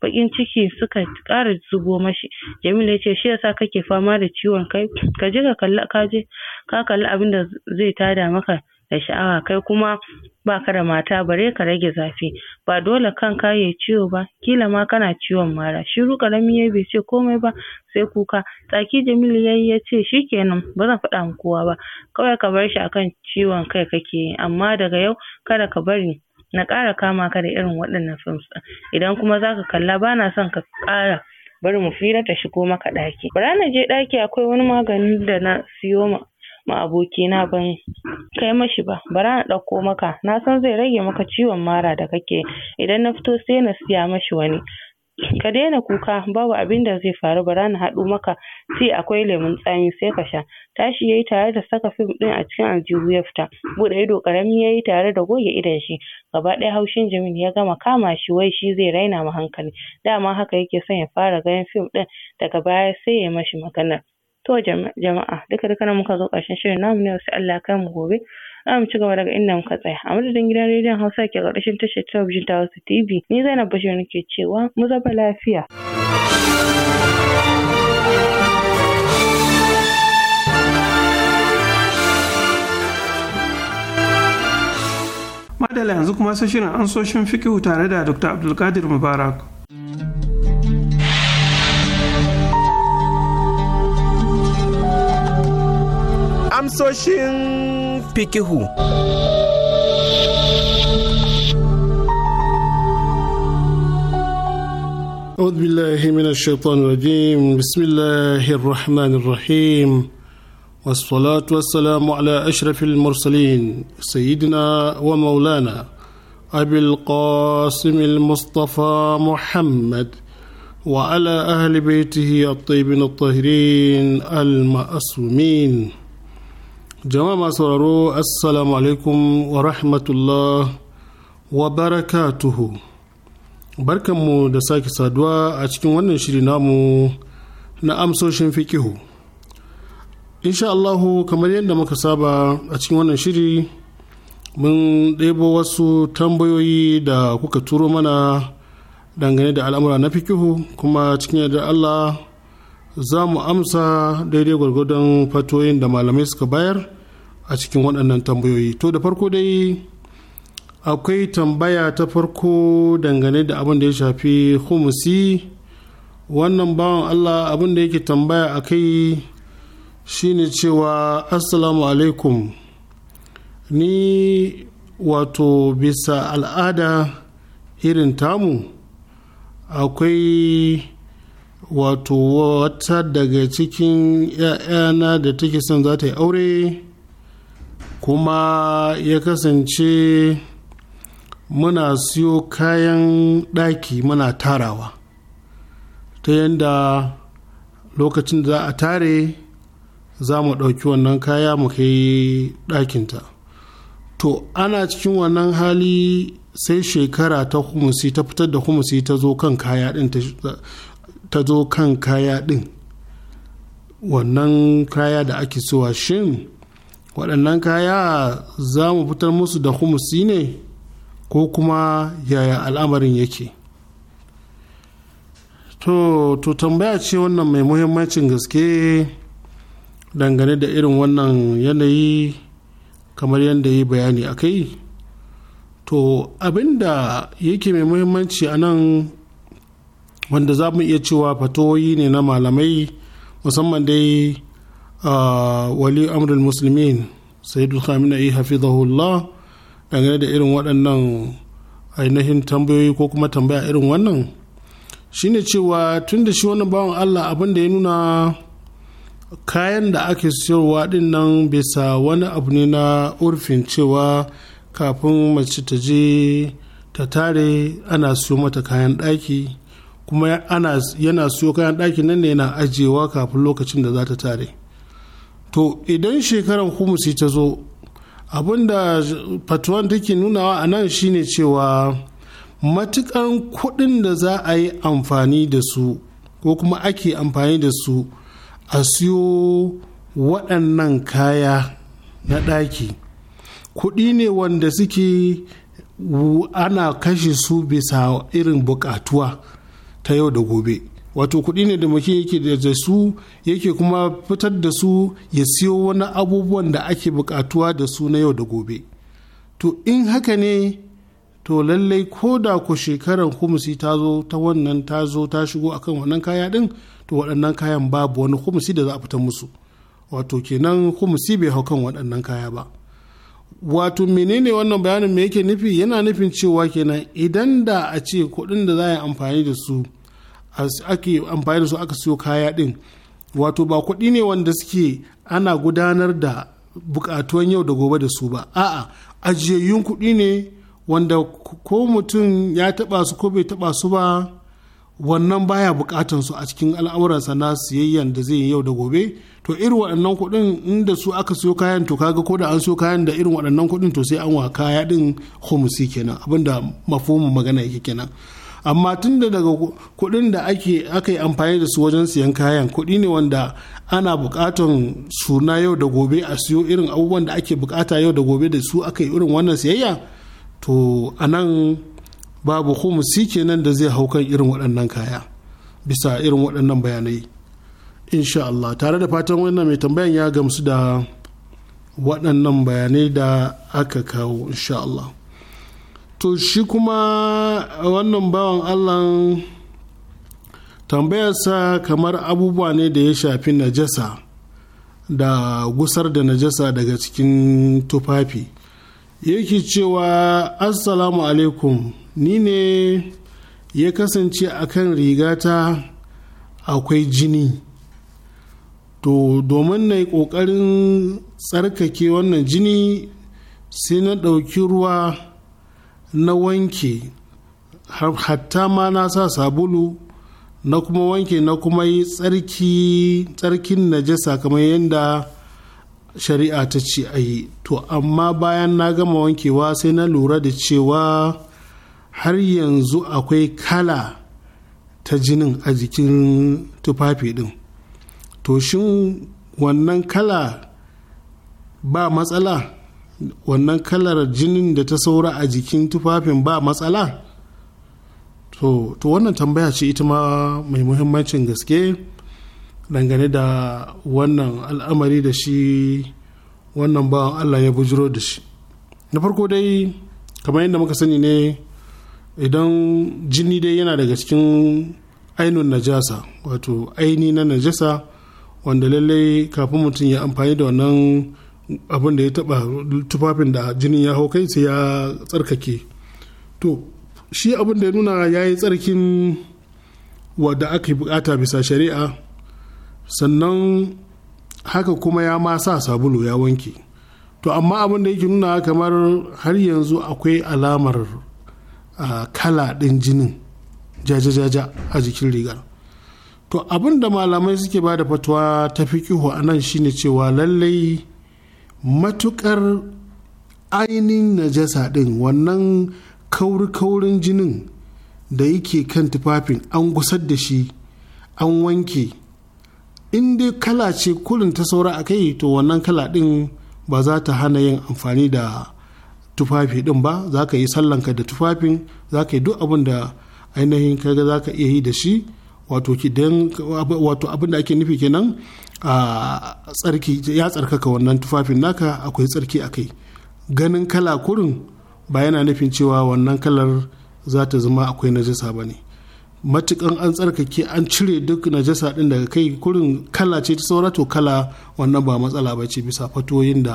baƙin ciki suka ƙara zubo mashi. Jamilu yace shi yasa kake fama da ciwon kai? Kaje ka kalli kaje ka kalli abinda zai tada maka da sha'awa kai kuma baka da mata bare ka rage zafi ba dole kanka yayi ciwo ba kila ma kana ciwon mara shiru ƙarami yayi bai ce komai ba sai kuka tsaki Jamilu yayi yace shikenan zan faɗa ma kowa ba kawai ka bar shi akan ciwon kai kake yi amma daga yau kada ka bari na ƙara kama ka da irin waɗannan films ɗin idan kuma zaka kalla bana son ka ƙara bari mu firar ta shigo maka ɗaki. Bara na je ɗaki akwai wani maganin da na siyo ma ma abokina hmm. ban kai mashi ba bara na ɗauko maka Na san zai rage maka ciwon mara da kake idan na fito sai na siya mashi wani ka daina kuka babu abin da zai faru bara na haɗo maka sai akwai lemun tsami sai ka sha tashi yayi tare da saka fim ɗin a cikin aljihu ya fita buɗe ido ƙarami yayi tare da goge idon shi gaba ɗaya haushin jimin ya gama kama shi wai shi zai raina ma hankali dama haka yake son ya fara ganin fim ɗin daga baya sai yayi mashi magana To jama'a duka duka nan muka zo ƙarshen shirin namu na yau sai Allah ya kai mu gobe. Za mu ci gaba daga inda muka tsaya. A madadin gidan rediyon Hausa ke ƙarƙashin tashar talabijin ta Hausa TV. Ni Zainab Bashir nake cewa mu zaba lafiya. Madala yanzu kuma sai shirin shin fikihu tare da Dr. Abdulkadir Mubarak. amsoshin pikihu أعوذ بالله من الشيطان الرجيم بسم الله الرحمن الرحيم والصلاة والسلام على أشرف المرسلين سيدنا ومولانا أبي القاسم المصطفى محمد وعلى أهل بيته الطيبين الطاهرين المأسومين jama'a masu sauraro assalamu alaikum wa rahmatullah wa barakatuhu barkanmu da sake saduwa a cikin wannan shiri namu na amsoshin fikihu insha Allahu kamar yadda muka saba a cikin wannan shiri mun ɗebo wasu tambayoyi da kuka turo mana dangane da al'amura na fikihu kuma cikin yadda Allah za mu amsa daidai gwargwadon fatoyin da malamai suka bayar a cikin waɗannan tambayoyi to da farko dai akwai tambaya ta farko dangane da abin da ya shafi humusi wannan bawan allah abin da yake tambaya a kai shine cewa assalamu alaikum ni wato bisa al'ada irin tamu akwai wato wata daga cikin ‘ya'yana da take son za ta yi aure kuma ya kasance muna siyo kayan ɗaki muna tarawa ta yadda lokacin da za a tare za mu ɗauki wannan kaya mu kai ɗakinta to ana cikin wannan hali sai shekara ta humusi ta fitar da humusi ta zo kan kaya ɗin ta zo kan kaya ɗin wannan kaya da ake sowa shin waɗannan kaya za mu fitar musu da humusi ne ko kuma yaya al'amarin yake to to tambaya ce wannan mai muhimmancin gaske dangane da irin wannan yanayi kamar yadda yi bayani a kai to abinda yake mai muhimmanci a nan wanda za mu iya cewa fatoyi ne na malamai musamman dai wali amrul musulmin sayyidul khamenei hafizahullah dangane da irin waɗannan ainihin tambayoyi ko kuma tambaya irin wannan shine cewa tun da shi wani bawan allah abin da ya nuna kayan da ake siyarwa din nan bisa wani abu ne na urfin cewa kafin mace ta je ta tare ana siyo mata kayan ɗaki kuma ana yana siyo kayan ɗakin nan ne yana ajiyewa kafin lokacin da za ta tare to idan shekarar humusi ta zo abinda fatuwan take nunawa a nan shine cewa matukan kuɗin da za a yi amfani da su ko kuma ake amfani da su a siyo waɗannan kaya na ɗaki kuɗi ne wanda suke ana kashe su bisa irin buƙatuwa ta yau da gobe wato kuɗi ne da muke yake da su yake kuma fitar da su ya siyo wani abubuwan da ake buƙatuwa da su na yau da gobe to in haka ne to lallai ko da ku shekaran kumusi ta zo ta wannan ta zo ta shigo akan wannan kaya ɗin to waɗannan kayan babu wani kumusi da za a fitar musu wato kenan kumusi bai hau kan waɗannan kaya ba wato menene wannan bayanin me yake nufi yana nufin cewa kenan idan da a ce kuɗin da za a yi amfani da su ake amfani da su aka siyo kaya din wato ba kuɗi ne wanda suke ana gudanar da bukatuwan yau da gobe da su ba a'a ajiyayyun kuɗi ne wanda ko mutum ya taɓa su ko bai taɓa su ba wannan baya bukatan su a cikin al'amuransa na siyayyan da zai yi yau da gobe to irin waɗannan kuɗin inda su aka siyo kayan to kaga ko da an siyo kayan da irin waɗannan kuɗin to sai an wa kaya din homsi kenan abinda mafhumin magana yake kenan amma tun da daga kuɗin da ake aka yi amfani da su wajen siyan kayan kuɗi ne wanda ana bukatan suna yau da gobe a siyo irin abubuwan da ake bukata yau da gobe da su aka yi irin wannan siyayya to a nan babu humusi kenan da zai hau kan irin waɗannan kaya bisa irin waɗannan bayanai insha Allah tare da fatan wannan mai tambayan ya gamsu da waɗannan bayanai da aka kawo insha Allah to shi kuma wannan bawan allah tambayarsa kamar abubuwa ne da ya shafi najasa da gusar da najasa daga cikin tufafi yake cewa assalamu alaikum ni ne ya kasance a kan rigata akwai jini to domin na yi ƙoƙarin tsarkake wannan jini sai na ɗauki ruwa na wanke hatta ma na sa sabulu na kuma wanke na kuma yi tsarki tsarkin najasa kamar yadda shari'a ta ce a yi to amma bayan na gama wankewa sai na lura da cewa har yanzu akwai kala ta jinin a jikin tufafi din to shin wannan kala ba matsala wannan kalar jinin da ta saura a jikin tufafin ba matsala to wannan tambaya ce ita ma mai muhimmancin gaske dangane da wannan al'amari da shi wannan bawan allah ya bujiro da shi na farko dai kamar yadda muka sani ne idan jini dai yana daga cikin ainihin najasa wato aini na najasa wanda lallai kafin mutum ya amfani da wannan abin da ya taba tufafin da jinin ya hau kai sai ya tsarkake to shi abin da ya nuna ya yi tsarkin wadda aka yi bukata bisa shari'a sannan haka kuma ya ma sa sabulu ya wanke to amma abin da yake nuna kamar har yanzu akwai alamar kala ɗin jinin jajajaja a jikin rigar to abin da malamai suke ba da fatuwa ta fi a nan shine cewa lallai matukar ainihin najasa ɗin wannan kauri-kaurin jinin da yake kan tufafin an gusar da shi an wanke in dai kala ce kulin ta saura a kai to wannan kala ɗin ba za ta hana yin amfani da tufafi ɗin ba za ka yi sallanka da tufafin za ka yi duk abin da ainihin kaga za ka iya yi da shi wato kidan wato abin da ake nufi kenan a tsarki ya tsarkaka wannan tufafin naka akwai tsarki a kai ganin kala kurin ba yana nufin cewa wannan kalar za ta zama akwai najasa ba ne matukan an tsarkake an cire duk najasa din daga kai kurin kala ce ta saura to kala wannan ba matsala ba ce bisa fatoyin da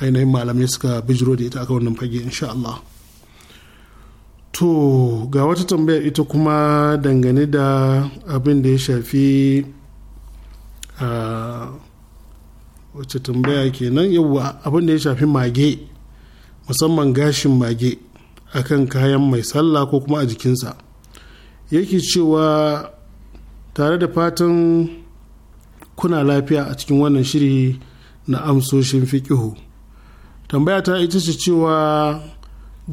ainihin malamai suka bijiro da ita aka wannan fage insha Allah. to ga wata tambaya ita kuma dangane da abin da ya shafi wacce tambaya kenan yawwa abin da ya shafi mage musamman gashin mage akan kayan mai sallah ko kuma a jikinsa yake cewa tare da fatan kuna lafiya a cikin wannan shiri na amsoshin fikihu tambaya ta ita ce cewa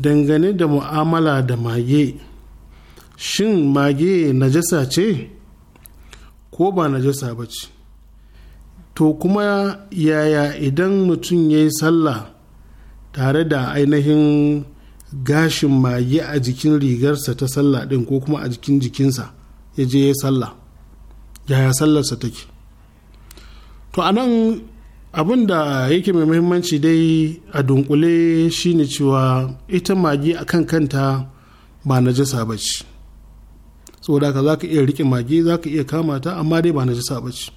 dangane da mu'amala da mage shin mage najasa ce ko ba najasa ba ce to kuma yaya idan mutum ya yi sallah tare da ainihin gashin mage a jikin rigarsa ta sallah din ko kuma a jikin jikinsa ya je ya yi sallah yaya sallarsa take to anan abin da yake mai muhimmanci dai a dunkule shine cewa ita magi a kan kanta ba najasa ba ce saboda ka za ka iya rike magi za ka iya kama ta amma dai ba najasa ba ce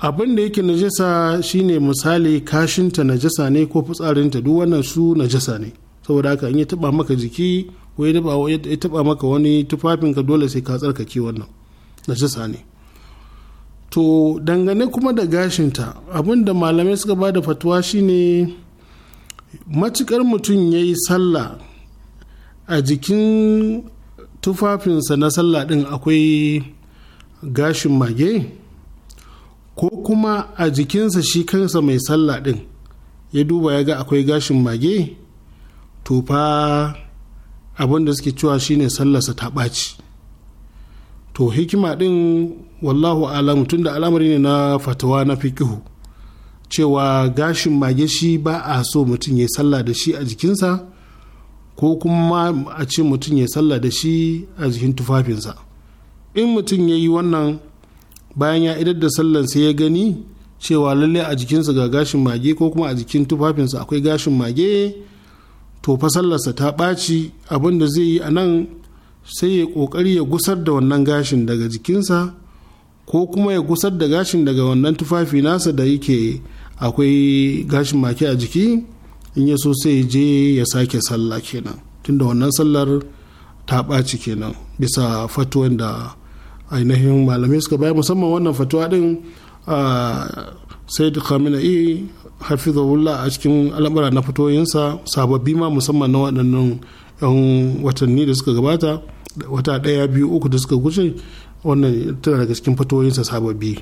abin da yake najasa shine misali kashinta najasa ne ko fitsarinta duk wannan su najasa ne saboda haka in ya taba maka jiki ko ya taba maka wani tufafinka dole sai ka tsarkake wannan najasa ne to dangane kuma da gashinta abinda malamai suka ba da fatuwa shine matukar mutum ya yi sallah a jikin tufafinsa na sallah din akwai gashin mage ko kuma a jikinsa shi kansa mai sallah din ya duba ya ga akwai gashin mage to fa suke cewa shine sallarsa ta ɓaci to hikima din wallahu alam tun da al'amari ne na fatawa na fikihu cewa gashin mage shi ba a so mutum ya sallah da shi a jikinsa ko kuma a ce mutum ya sallah da shi a jikin tufafinsa in mutum ya yi wannan bayan ya idar da sallan sai ya gani cewa lalle a jikinsa ga gashin mage ko kuma a jikin tufafinsa akwai gashin mage to fa sallarsa ta ɓaci abin da zai yi a nan sai ya ƙoƙari ya gusar da wannan gashin daga jikinsa ko kuma ya gusar da gashin daga wannan tufafi nasa da yake akwai gashin maki a jiki in ya so sai je ya sake sallah kenan tunda wannan sallar ta ɓaci kenan bisa fatuwan da ainihin malamai suka bayar musamman wannan fatuwa din a i khamenei hafizahullah a cikin al'amura na fatoyinsa sababbi ma musamman na waɗannan 'yan watanni da suka gabata wata ɗaya biyu uku da suka guje wannan tana daga cikin fatoyinsa sababbi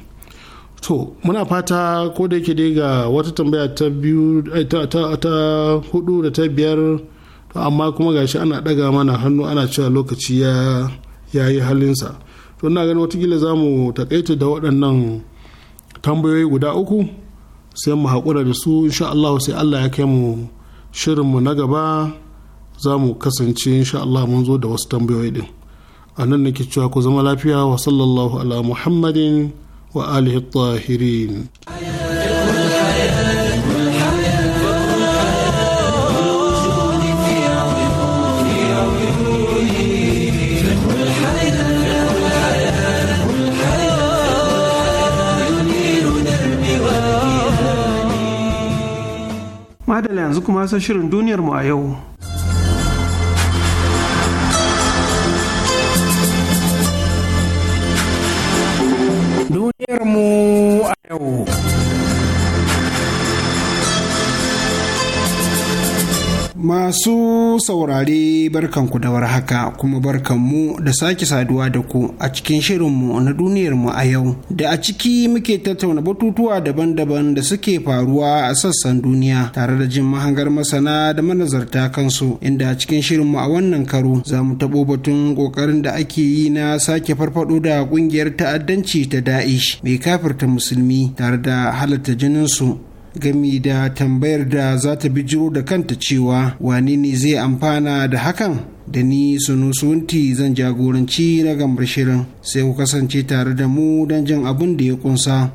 to muna fata ko da yake dai ga wata tambaya ta biyu eh, ta hudu da ta biyar to amma kuma gashi ana ɗaga mana hannu ana cewa lokaci ya yi halinsa to ina ganin wata za zamu takaita da waɗannan tambayoyi guda uku sai mu haƙura da su insha Allah sai Allah ya kai mu shirinmu na gaba za mu kasance insha Allah mun zo da wasu tambayoyi din a nan nake cewa ku zama lafiya wa sallallahu ala muhammadin wa alihi tahirin Madala yanzu kuma sai duniyar mu a yau. Duniyarmu a yau. Masu saurare barkanku da warhaka kuma barkanmu da sake saduwa da ku a cikin shirinmu na duniyarmu a yau da a ciki muke tattauna batutuwa daban-daban da suke faruwa a sassan duniya tare da jin mahangar masana da manazarta kansu inda a cikin shirinmu a wannan karo za mu taɓo batun ƙoƙarin da ake yi na sake farfaɗo da ƙungiyar ta'addanci ta Da'ish mai kafirta musulmi tare da halatta jininsu gami da tambayar da za ta bijiro da kanta cewa wane ne zai amfana da hakan da ni sunti zan jagoranci na gambar shirin sai ku kasance tare da mu don jin abin da ya kunsa.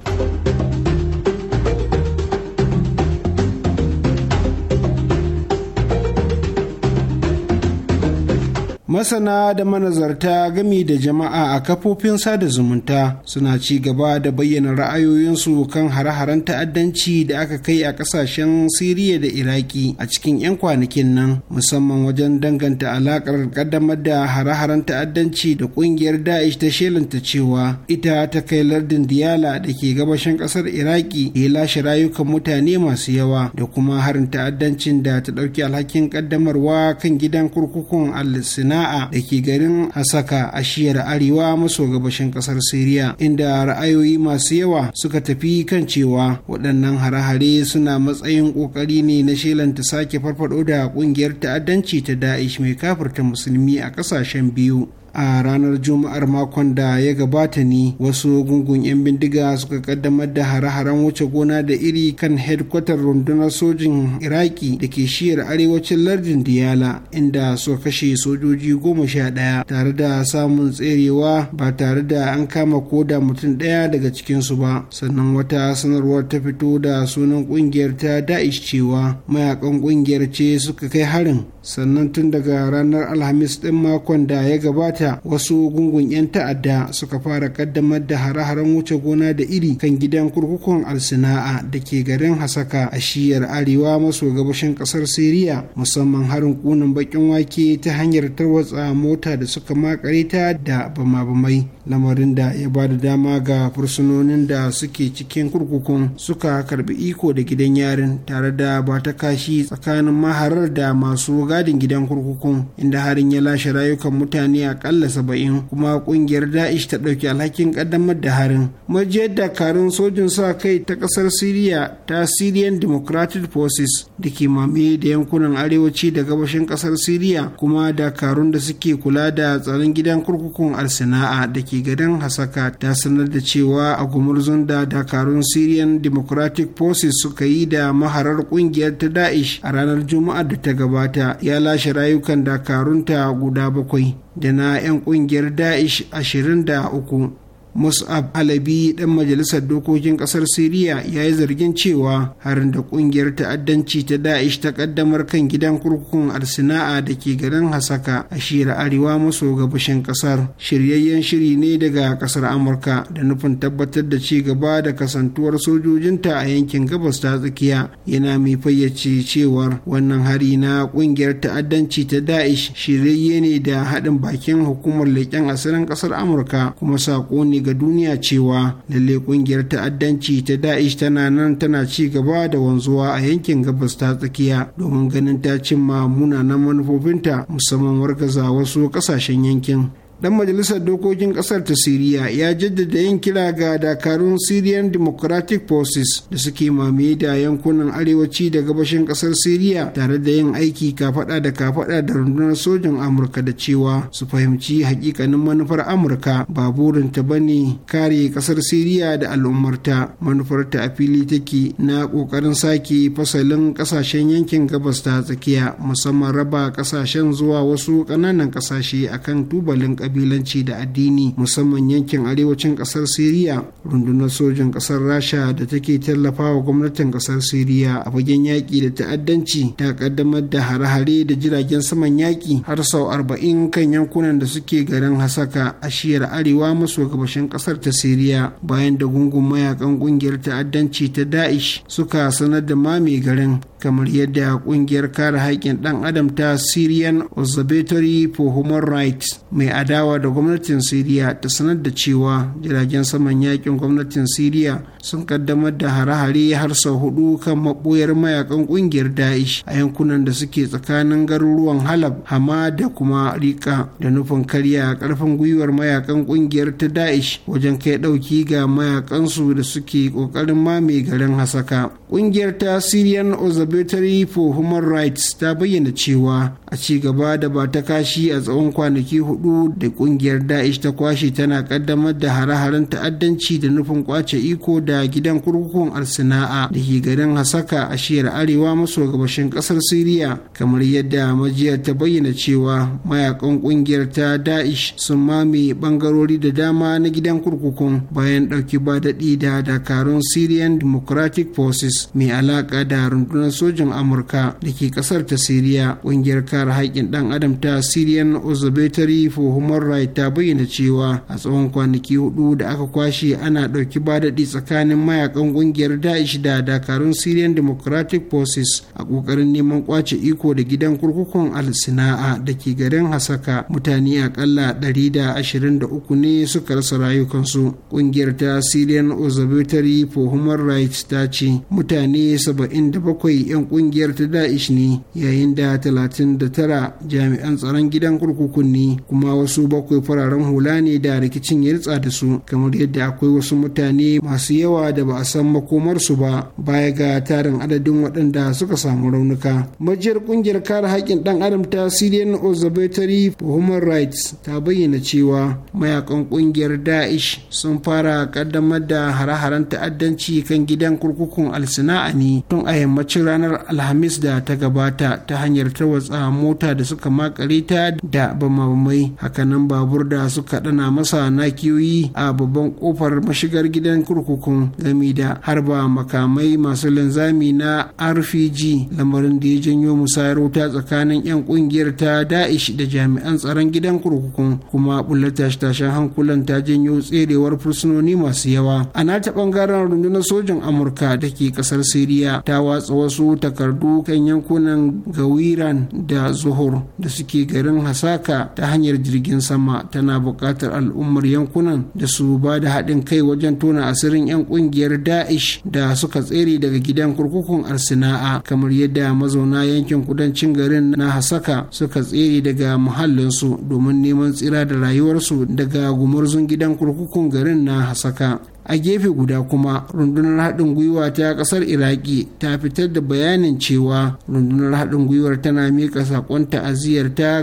masana da manazarta gami da jama'a a kafofin sada zumunta suna ci gaba da bayyana ra'ayoyinsu kan hare-haren ta'addanci da aka kai a kasashen siriya da iraki a cikin 'yan kwanakin nan musamman wajen danganta alakar kaddamar da hare-haren ta'addanci da kungiyar da'ish ta shelanta cewa ita ta kai lardin diyala da ke gabashin kasar iraki ya lashe rayukan mutane masu yawa da kuma harin ta'addancin da ta ɗauki alhakin kaddamarwa kan gidan kurkukun al-sina sana'a da ke garin Asaka a shiyar arewa maso gabashin kasar Siriya inda ra'ayoyi masu yawa suka tafi kan cewa waɗannan hare-hare suna matsayin ƙoƙari ne na shelanta sake farfaɗo da ƙungiyar ta'addanci ta Da'ish mai kafirta musulmi a ƙasashen biyu. a ranar juma'ar makon da ya gabata ne wasu gungun 'yan bindiga suka kaddamar da hare-haren wuce gona da iri kan hedkwatar rundunar sojin iraki da ke shiyar arewacin lardin diyala inda suka kashe sojoji goma sha ɗaya tare da samun tserewa ba tare da an kama ko da mutum ɗaya daga cikinsu ba sannan wata sanarwar ta fito da sunan kungiyar ta da'ish cewa mayakan kungiyar ce suka kai harin sannan tun daga ranar alhamis ɗin makon da ya gabata gabata wasu gungun 'yan ta'adda suka fara kaddamar da hare-haren wuce gona da iri kan gidan kurkukun alsina'a da ke garin hasaka a shiyar arewa maso gabashin kasar siriya musamman harin kunan bakin wake ta hanyar tarwatsa mota da suka makare ta da bama-bamai lamarin da ya ba da dama ga fursunonin da suke cikin kurkukun suka karbi iko da gidan yarin tare da ba ta kashi tsakanin maharar da masu gadin gidan kurkukun inda harin ya lashe rayukan mutane a akalla saba'in kuma kungiyar da'ish ta ɗauki alhakin ƙaddamar da harin majiyar dakarun sojin sa kai ta ƙasar siriya ta syrian democratic forces da ke mame da yankunan arewaci da gabashin ƙasar siriya kuma dakarun da suke kula da tsaron gidan kurkukun arsana'a da ke gadon hasaka ta sanar da cewa a gumurzun da dakarun syrian democratic forces suka yi da maharar kungiyar ta da'ish a ranar juma'ar da ta gabata ya lashe rayukan dakarunta guda bakwai da na 'yan kungiyar daesh 23 mus'ab alabi ɗan majalisar dokokin ƙasar siriya ya yi zargin cewa harin da ƙungiyar ta'addanci ta da'ish ta ƙaddamar kan gidan kurkukun arsina'a da ke garin hasaka a shira arewa maso gabashin ƙasar shiryayyen shiri ne daga ƙasar amurka da nufin tabbatar da ci gaba da kasantuwar sojojinta a yankin gabas ta tsakiya yana mai fayyace cewar wannan hari na ƙungiyar ta'addanci ta da'ish shiryayye ne da haɗin bakin hukumar leƙen asirin ƙasar amurka kuma saƙo ne ga duniya cewa lalle kungiyar ta'addanci ta Da'ish tana nan tana ci gaba da wanzuwa a yankin gabas ta tsakiya domin ganin ta cimma munanan manufofinta musamman wargaza wasu kasashen yankin dan majalisar dokokin kasar ta siriya ya jaddada yin kira ga dakarun syrian democratic forces da suke mamaye da yankunan arewaci da gabashin kasar siriya tare da yin aiki kafada da kafada da rundunar sojin amurka da cewa su fahimci hakikanin manufar amurka ba burinta ba ne kare kasar siriya da al'ummarta manufarta a fili take na kokarin sake fasalin kasashen yankin gabas ta tsakiya musamman raba kasashen zuwa wasu ƙananan kasashe akan tubalin kabi kabilanci da addini musamman yankin arewacin kasar siriya rundunar sojin kasar rasha da take tallafawa gwamnatin kasar siriya a fagen yaƙi da ta'addanci ta kaddamar da hare-hare da jiragen saman yaƙi har sau arba'in kan yankunan da suke garin hasaka a shiyar arewa maso gabashin kasar ta siriya bayan da gungun mayakan kungiyar ta'addanci ta da'ish suka sanar da mame garin kamar yadda kungiyar kare haƙƙin ɗan adam ta syrian observatory for human rights mai adawa adawa da gwamnatin siriya ta sanar da cewa jiragen saman yakin gwamnatin siriya sun kaddamar da hare-hare har sau hudu kan maɓoyar mayakan ƙungiyar da'ish a yankunan da suke tsakanin garuruwan halab hama da kuma rika da nufin karya ƙarfin gwiwar mayakan ƙungiyar ta da'ish wajen kai ɗauki ga mayakansu da suke ƙoƙarin mame garin hasaka ƙungiyar ta syrian observatory for human rights ta bayyana cewa a ci gaba da ba ta kashi a tsawon kwanaki hudu da kungiyar da'ish ta kwashe tana kaddamar da hare-haren ta'addanci da nufin kwace iko da gidan kurkukun arsana'a da ke garin hasaka a shiyar arewa maso gabashin kasar siriya kamar yadda majiyar ta bayyana cewa mayakan kungiyar ta da'ish sun mame bangarori da dama na gidan kurkukun bayan dauki ba daɗi da dakarun syrian democratic forces mai alaƙa da rundunar sojin amurka da ke ƙasar ta siriya ƙungiyar kare haƙƙin ɗan adam ta syrian observatory for Murray ta bayyana cewa a tsawon kwanaki hudu da aka kwashe ana ɗauki ba daɗi tsakanin mayakan ƙungiyar daesh da dakarun syrian democratic forces a ƙoƙarin neman kwace iko da gidan kurkukun al-sina'a da ke garin hasaka mutane akalla 123 ne suka rasa rayukansu ƙungiyar ta syrian observatory for human rights ta ce mutane 77 'yan ƙungiyar ta daesh ne yayin da 39 jami'an tsaron gidan kurkukun ne kuma wasu bakwai fararen hula ne da rikicin ya ritsa da su kamar yadda akwai wasu mutane masu yawa da ba a san makomarsu ba baya ga tarin adadin waɗanda suka samu raunuka majiyar kungiyar kare haƙƙin ɗan adam ta syrian observatory for human rights ta bayyana cewa mayakan kungiyar daesh sun fara kaddamar da hare-haren ta'addanci kan gidan kurkukun alsina'a ne tun a yammacin ranar alhamis da ta gabata ta hanyar tarwatsa mota da suka makare ta da bamamai hakan nan babur da suka ɗana masa nakiyoyi a babban kofar mashigar gidan kurkukun gami da harba makamai masu linzami na rpg lamarin da ya janyo musayar wuta tsakanin 'yan kungiyar ta da'ish da jami'an tsaron gidan kurkukun kuma bullata tashe-tashen hankulan ta janyo tserewar fursunoni masu yawa a nata bangaren rundunar sojin amurka da ke kasar siriya ta watsa wasu takardu kan yankunan gawiran da zuhur da suke garin hasaka ta hanyar jirgin sama tana buƙatar al'ummar yankunan da su ba da haɗin kai wajen tona asirin 'yan ƙungiyar da'ish da suka tsere daga gidan kurkukun arsina'a kamar yadda mazauna yankin kudancin garin na hasaka suka tsere daga muhallinsu domin neman tsira da rayuwarsu daga gumurzun gidan kurkukun garin na hasaka a gefe guda kuma rundunar haɗin gwiwa ta ƙasar iraki ta fitar da bayanin cewa rundunar haɗin gwiwar tana miƙa saƙon ta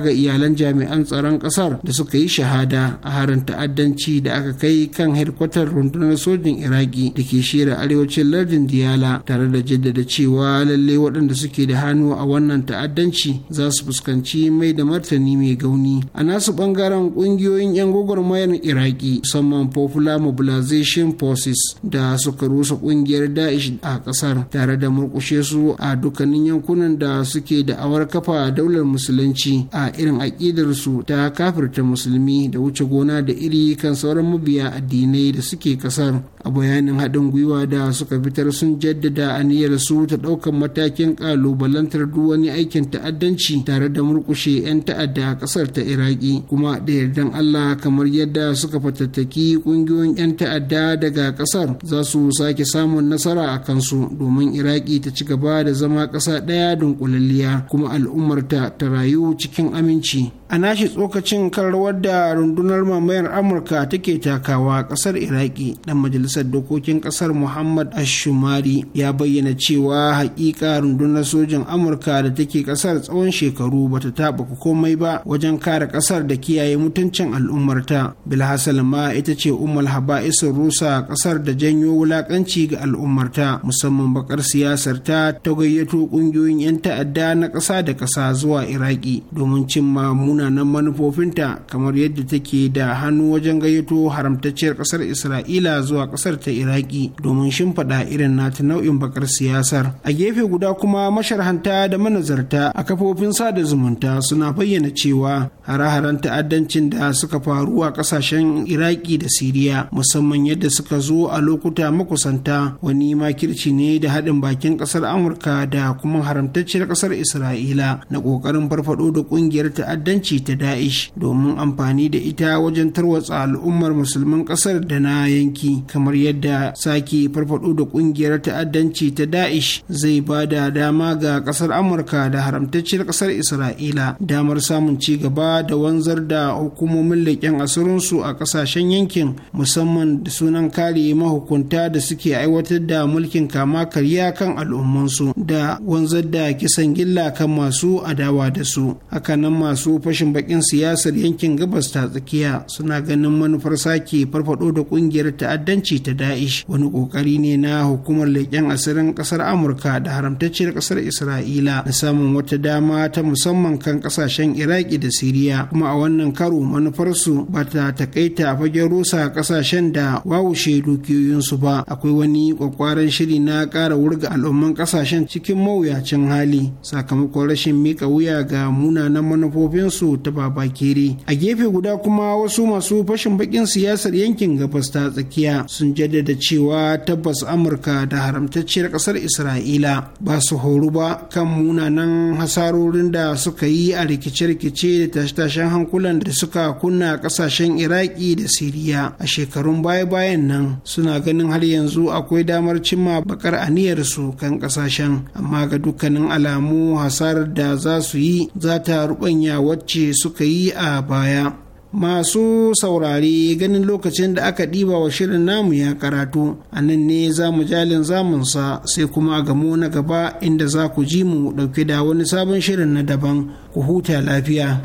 ga iyalan jami'an tsaron ƙasar da suka yi shahada a harin ta'addanci da aka kai kan hedkwatar rundunar sojin iraki da ke shira arewacin lardin diyala tare da jaddada cewa lalle waɗanda suke da hannu a wannan ta'addanci za su fuskanci mai da martani mai gauni a nasu ɓangaren ƙungiyoyin 'yan gwagwarmayar iraki musamman popular mobilization operating forces da suka rusa kungiyar daesh a kasar tare da murkushe su a dukkanin yankunan da suke da'awar kafa daular musulunci a irin aƙidar su ta kafirta musulmi da wuce gona da iri kan sauran mabiya addinai da suke kasar a bayanin haɗin gwiwa da suka fitar sun jaddada aniyar su ta ɗaukar matakin ƙalubalantar duk wani aikin ta'addanci tare da murƙushe 'yan ta'adda a ƙasar ta iraki kuma da yardan allah kamar yadda suka fatattaki ƙungiyoyin 'yan ta'adda daga ƙasar za su sake samun nasara a kansu domin iraki ta ci gaba da zama ƙasa ɗaya dunkulalliya kuma al'ummarta ta rayu cikin aminci a nashi tsokacin kan rawar da rundunar mamayar amurka take takawa kasar iraki dan majalisar dokokin kasar muhammad ashumari ya bayyana cewa hakika rundunar sojin amurka da take kasar tsawon shekaru bata taba komai ba wajen kare kasar da kiyaye mutuncin al'ummarta bilhassan ma ita ce umar haba'isin rusa kasar da janyo wulakanci ga al'ummarta musamman bakar siyasar ta ta gayyato kungiyoyin 'yan ta'adda na ƙasa da ƙasa zuwa iraki domin cimma munanan manufofinta kamar yadda take da hannu wajen gayyato haramtacciyar ƙasar isra'ila zuwa ƙasar ta iraki domin shimfiɗa irin nata nau'in bakar siyasar a gefe guda kuma masharhanta da manazarta a kafofin sada zumunta suna bayyana cewa hare-haren ta'addancin da suka faru a ƙasashen iraki da siriya musamman yadda suka zo a lokuta makusanta wani makirci ne da haɗin bakin ƙasar amurka da kuma haramtacciyar ƙasar isra'ila na ƙoƙarin farfaɗo da ƙungiyar ta'addanci ce ta Da'ish domin amfani da ita wajen tarwatsa al'ummar musulman ƙasar da na yanki kamar yadda sake farfado da ƙungiyar ta'addanci ta Da'ish zai ba da dama ga ƙasar Amurka da haramtacciyar ƙasar Isra'ila damar samun ci gaba da wanzar da hukumomin leƙen asirinsu a ƙasashen yankin musamman da sunan kare mahukunta da suke aiwatar da mulkin kama karya kan al'ummansu da wanzar da kisan gilla kan masu adawa da su hakanan masu fashe fashin bakin siyasar yankin gabas ta tsakiya suna ganin manufar sake farfado da kungiyar ta'addanci ta da'ish wani kokari ne na hukumar leƙen asirin ƙasar amurka da haramtacciyar ƙasar isra'ila na samun wata dama ta musamman kan ƙasashen iraki da siriya kuma a wannan karo manufarsu ba ta takaita fagen rusa ƙasashen da wawushe dukiyoyinsu ba akwai wani kwakwaran shiri na ƙara wurga al'umman ƙasashen cikin mawuyacin hali sakamakon rashin mika wuya ga munanan manufofinsu ta Babakere. A gefe guda kuma wasu masu fashin bakin siyasar yankin gabas ta tsakiya sun jaddada cewa tabbas Amurka da haramtacciyar kasar Isra'ila ba su horu ba kan munanan hasarorin da suka yi a rikice-rikice da tashe-tashen hankulan da suka kunna ƙasashen Iraki da Siriya a shekarun baya-bayan nan suna ganin har yanzu akwai damar cimma bakar su kan ƙasashen amma ga dukkanin alamu hasarar da za su yi za ta rubanya wacce ce suka yi a baya masu saurari ganin lokacin da aka ɗiba wa shirin namu ya karatu a nan ne za mu jalin zamunsa sai kuma a gamo na gaba inda za ku ji mu ɗauke da wani sabon shirin na daban ku huta lafiya.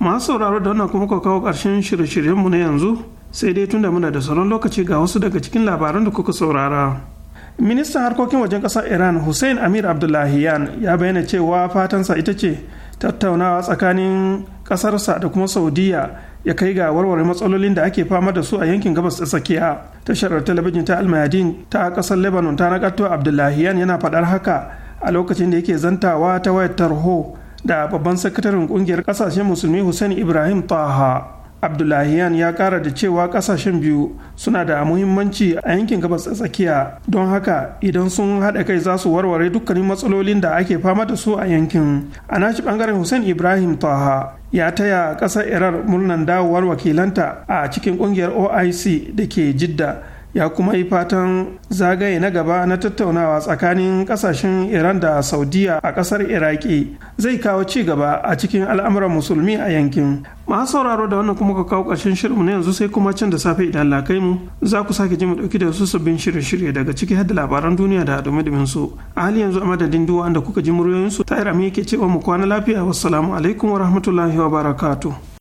masu sauraro da wannan kuma kawo ƙarshen shirye-shiryenmu na yanzu sai dai tunda muna da sauran lokaci ga wasu daga cikin labaran da kuka saurara ministan harkokin wajen ƙasar iran hussein amir abdullahiyan ya bayyana cewa fatansa ita ce tattaunawa tsakanin ƙasarsa da kuma saudiya ya kai ga warware matsalolin da ake fama da su a yankin gabas ta tsakiya tashar talabijin ta almayadin ta kasar lebanon ta nakarto abdullahiyan yana faɗar haka a lokacin da yake zantawa ta wayar tarho da babban sakataren kungiyar kasashen musulmi hussein ibrahim taha abdullahiyan ya kara da cewa kasashen biyu suna da muhimmanci a yankin gabas tsakiya don haka idan sun haɗa kai za su warware dukkanin matsalolin da ake fama da su a yankin a nashi bangaren hussein ibrahim taha ya taya ƙasar irar murnan dawowar wakilanta a cikin ƙungiyar oic da ke jidda ya kuma yi fatan zagaye na gaba na tattaunawa tsakanin kasashen iran da saudiya a kasar iraki zai kawo ci gaba a cikin al'amuran musulmi a yankin masu sauraro da wannan kuma ka kawo ƙarshen shirinmu na yanzu sai kuma can da safe idan lakai mu za ku sake ji mu ɗauki da wasu sabbin shirye-shirye daga ciki har labaran duniya da dumi su a hali yanzu a madadin duwa inda kuka ji muryoyinsu ta irami ke cewa mu kwana lafiya wassalamu alaikum wa rahmatullahi wa barakatu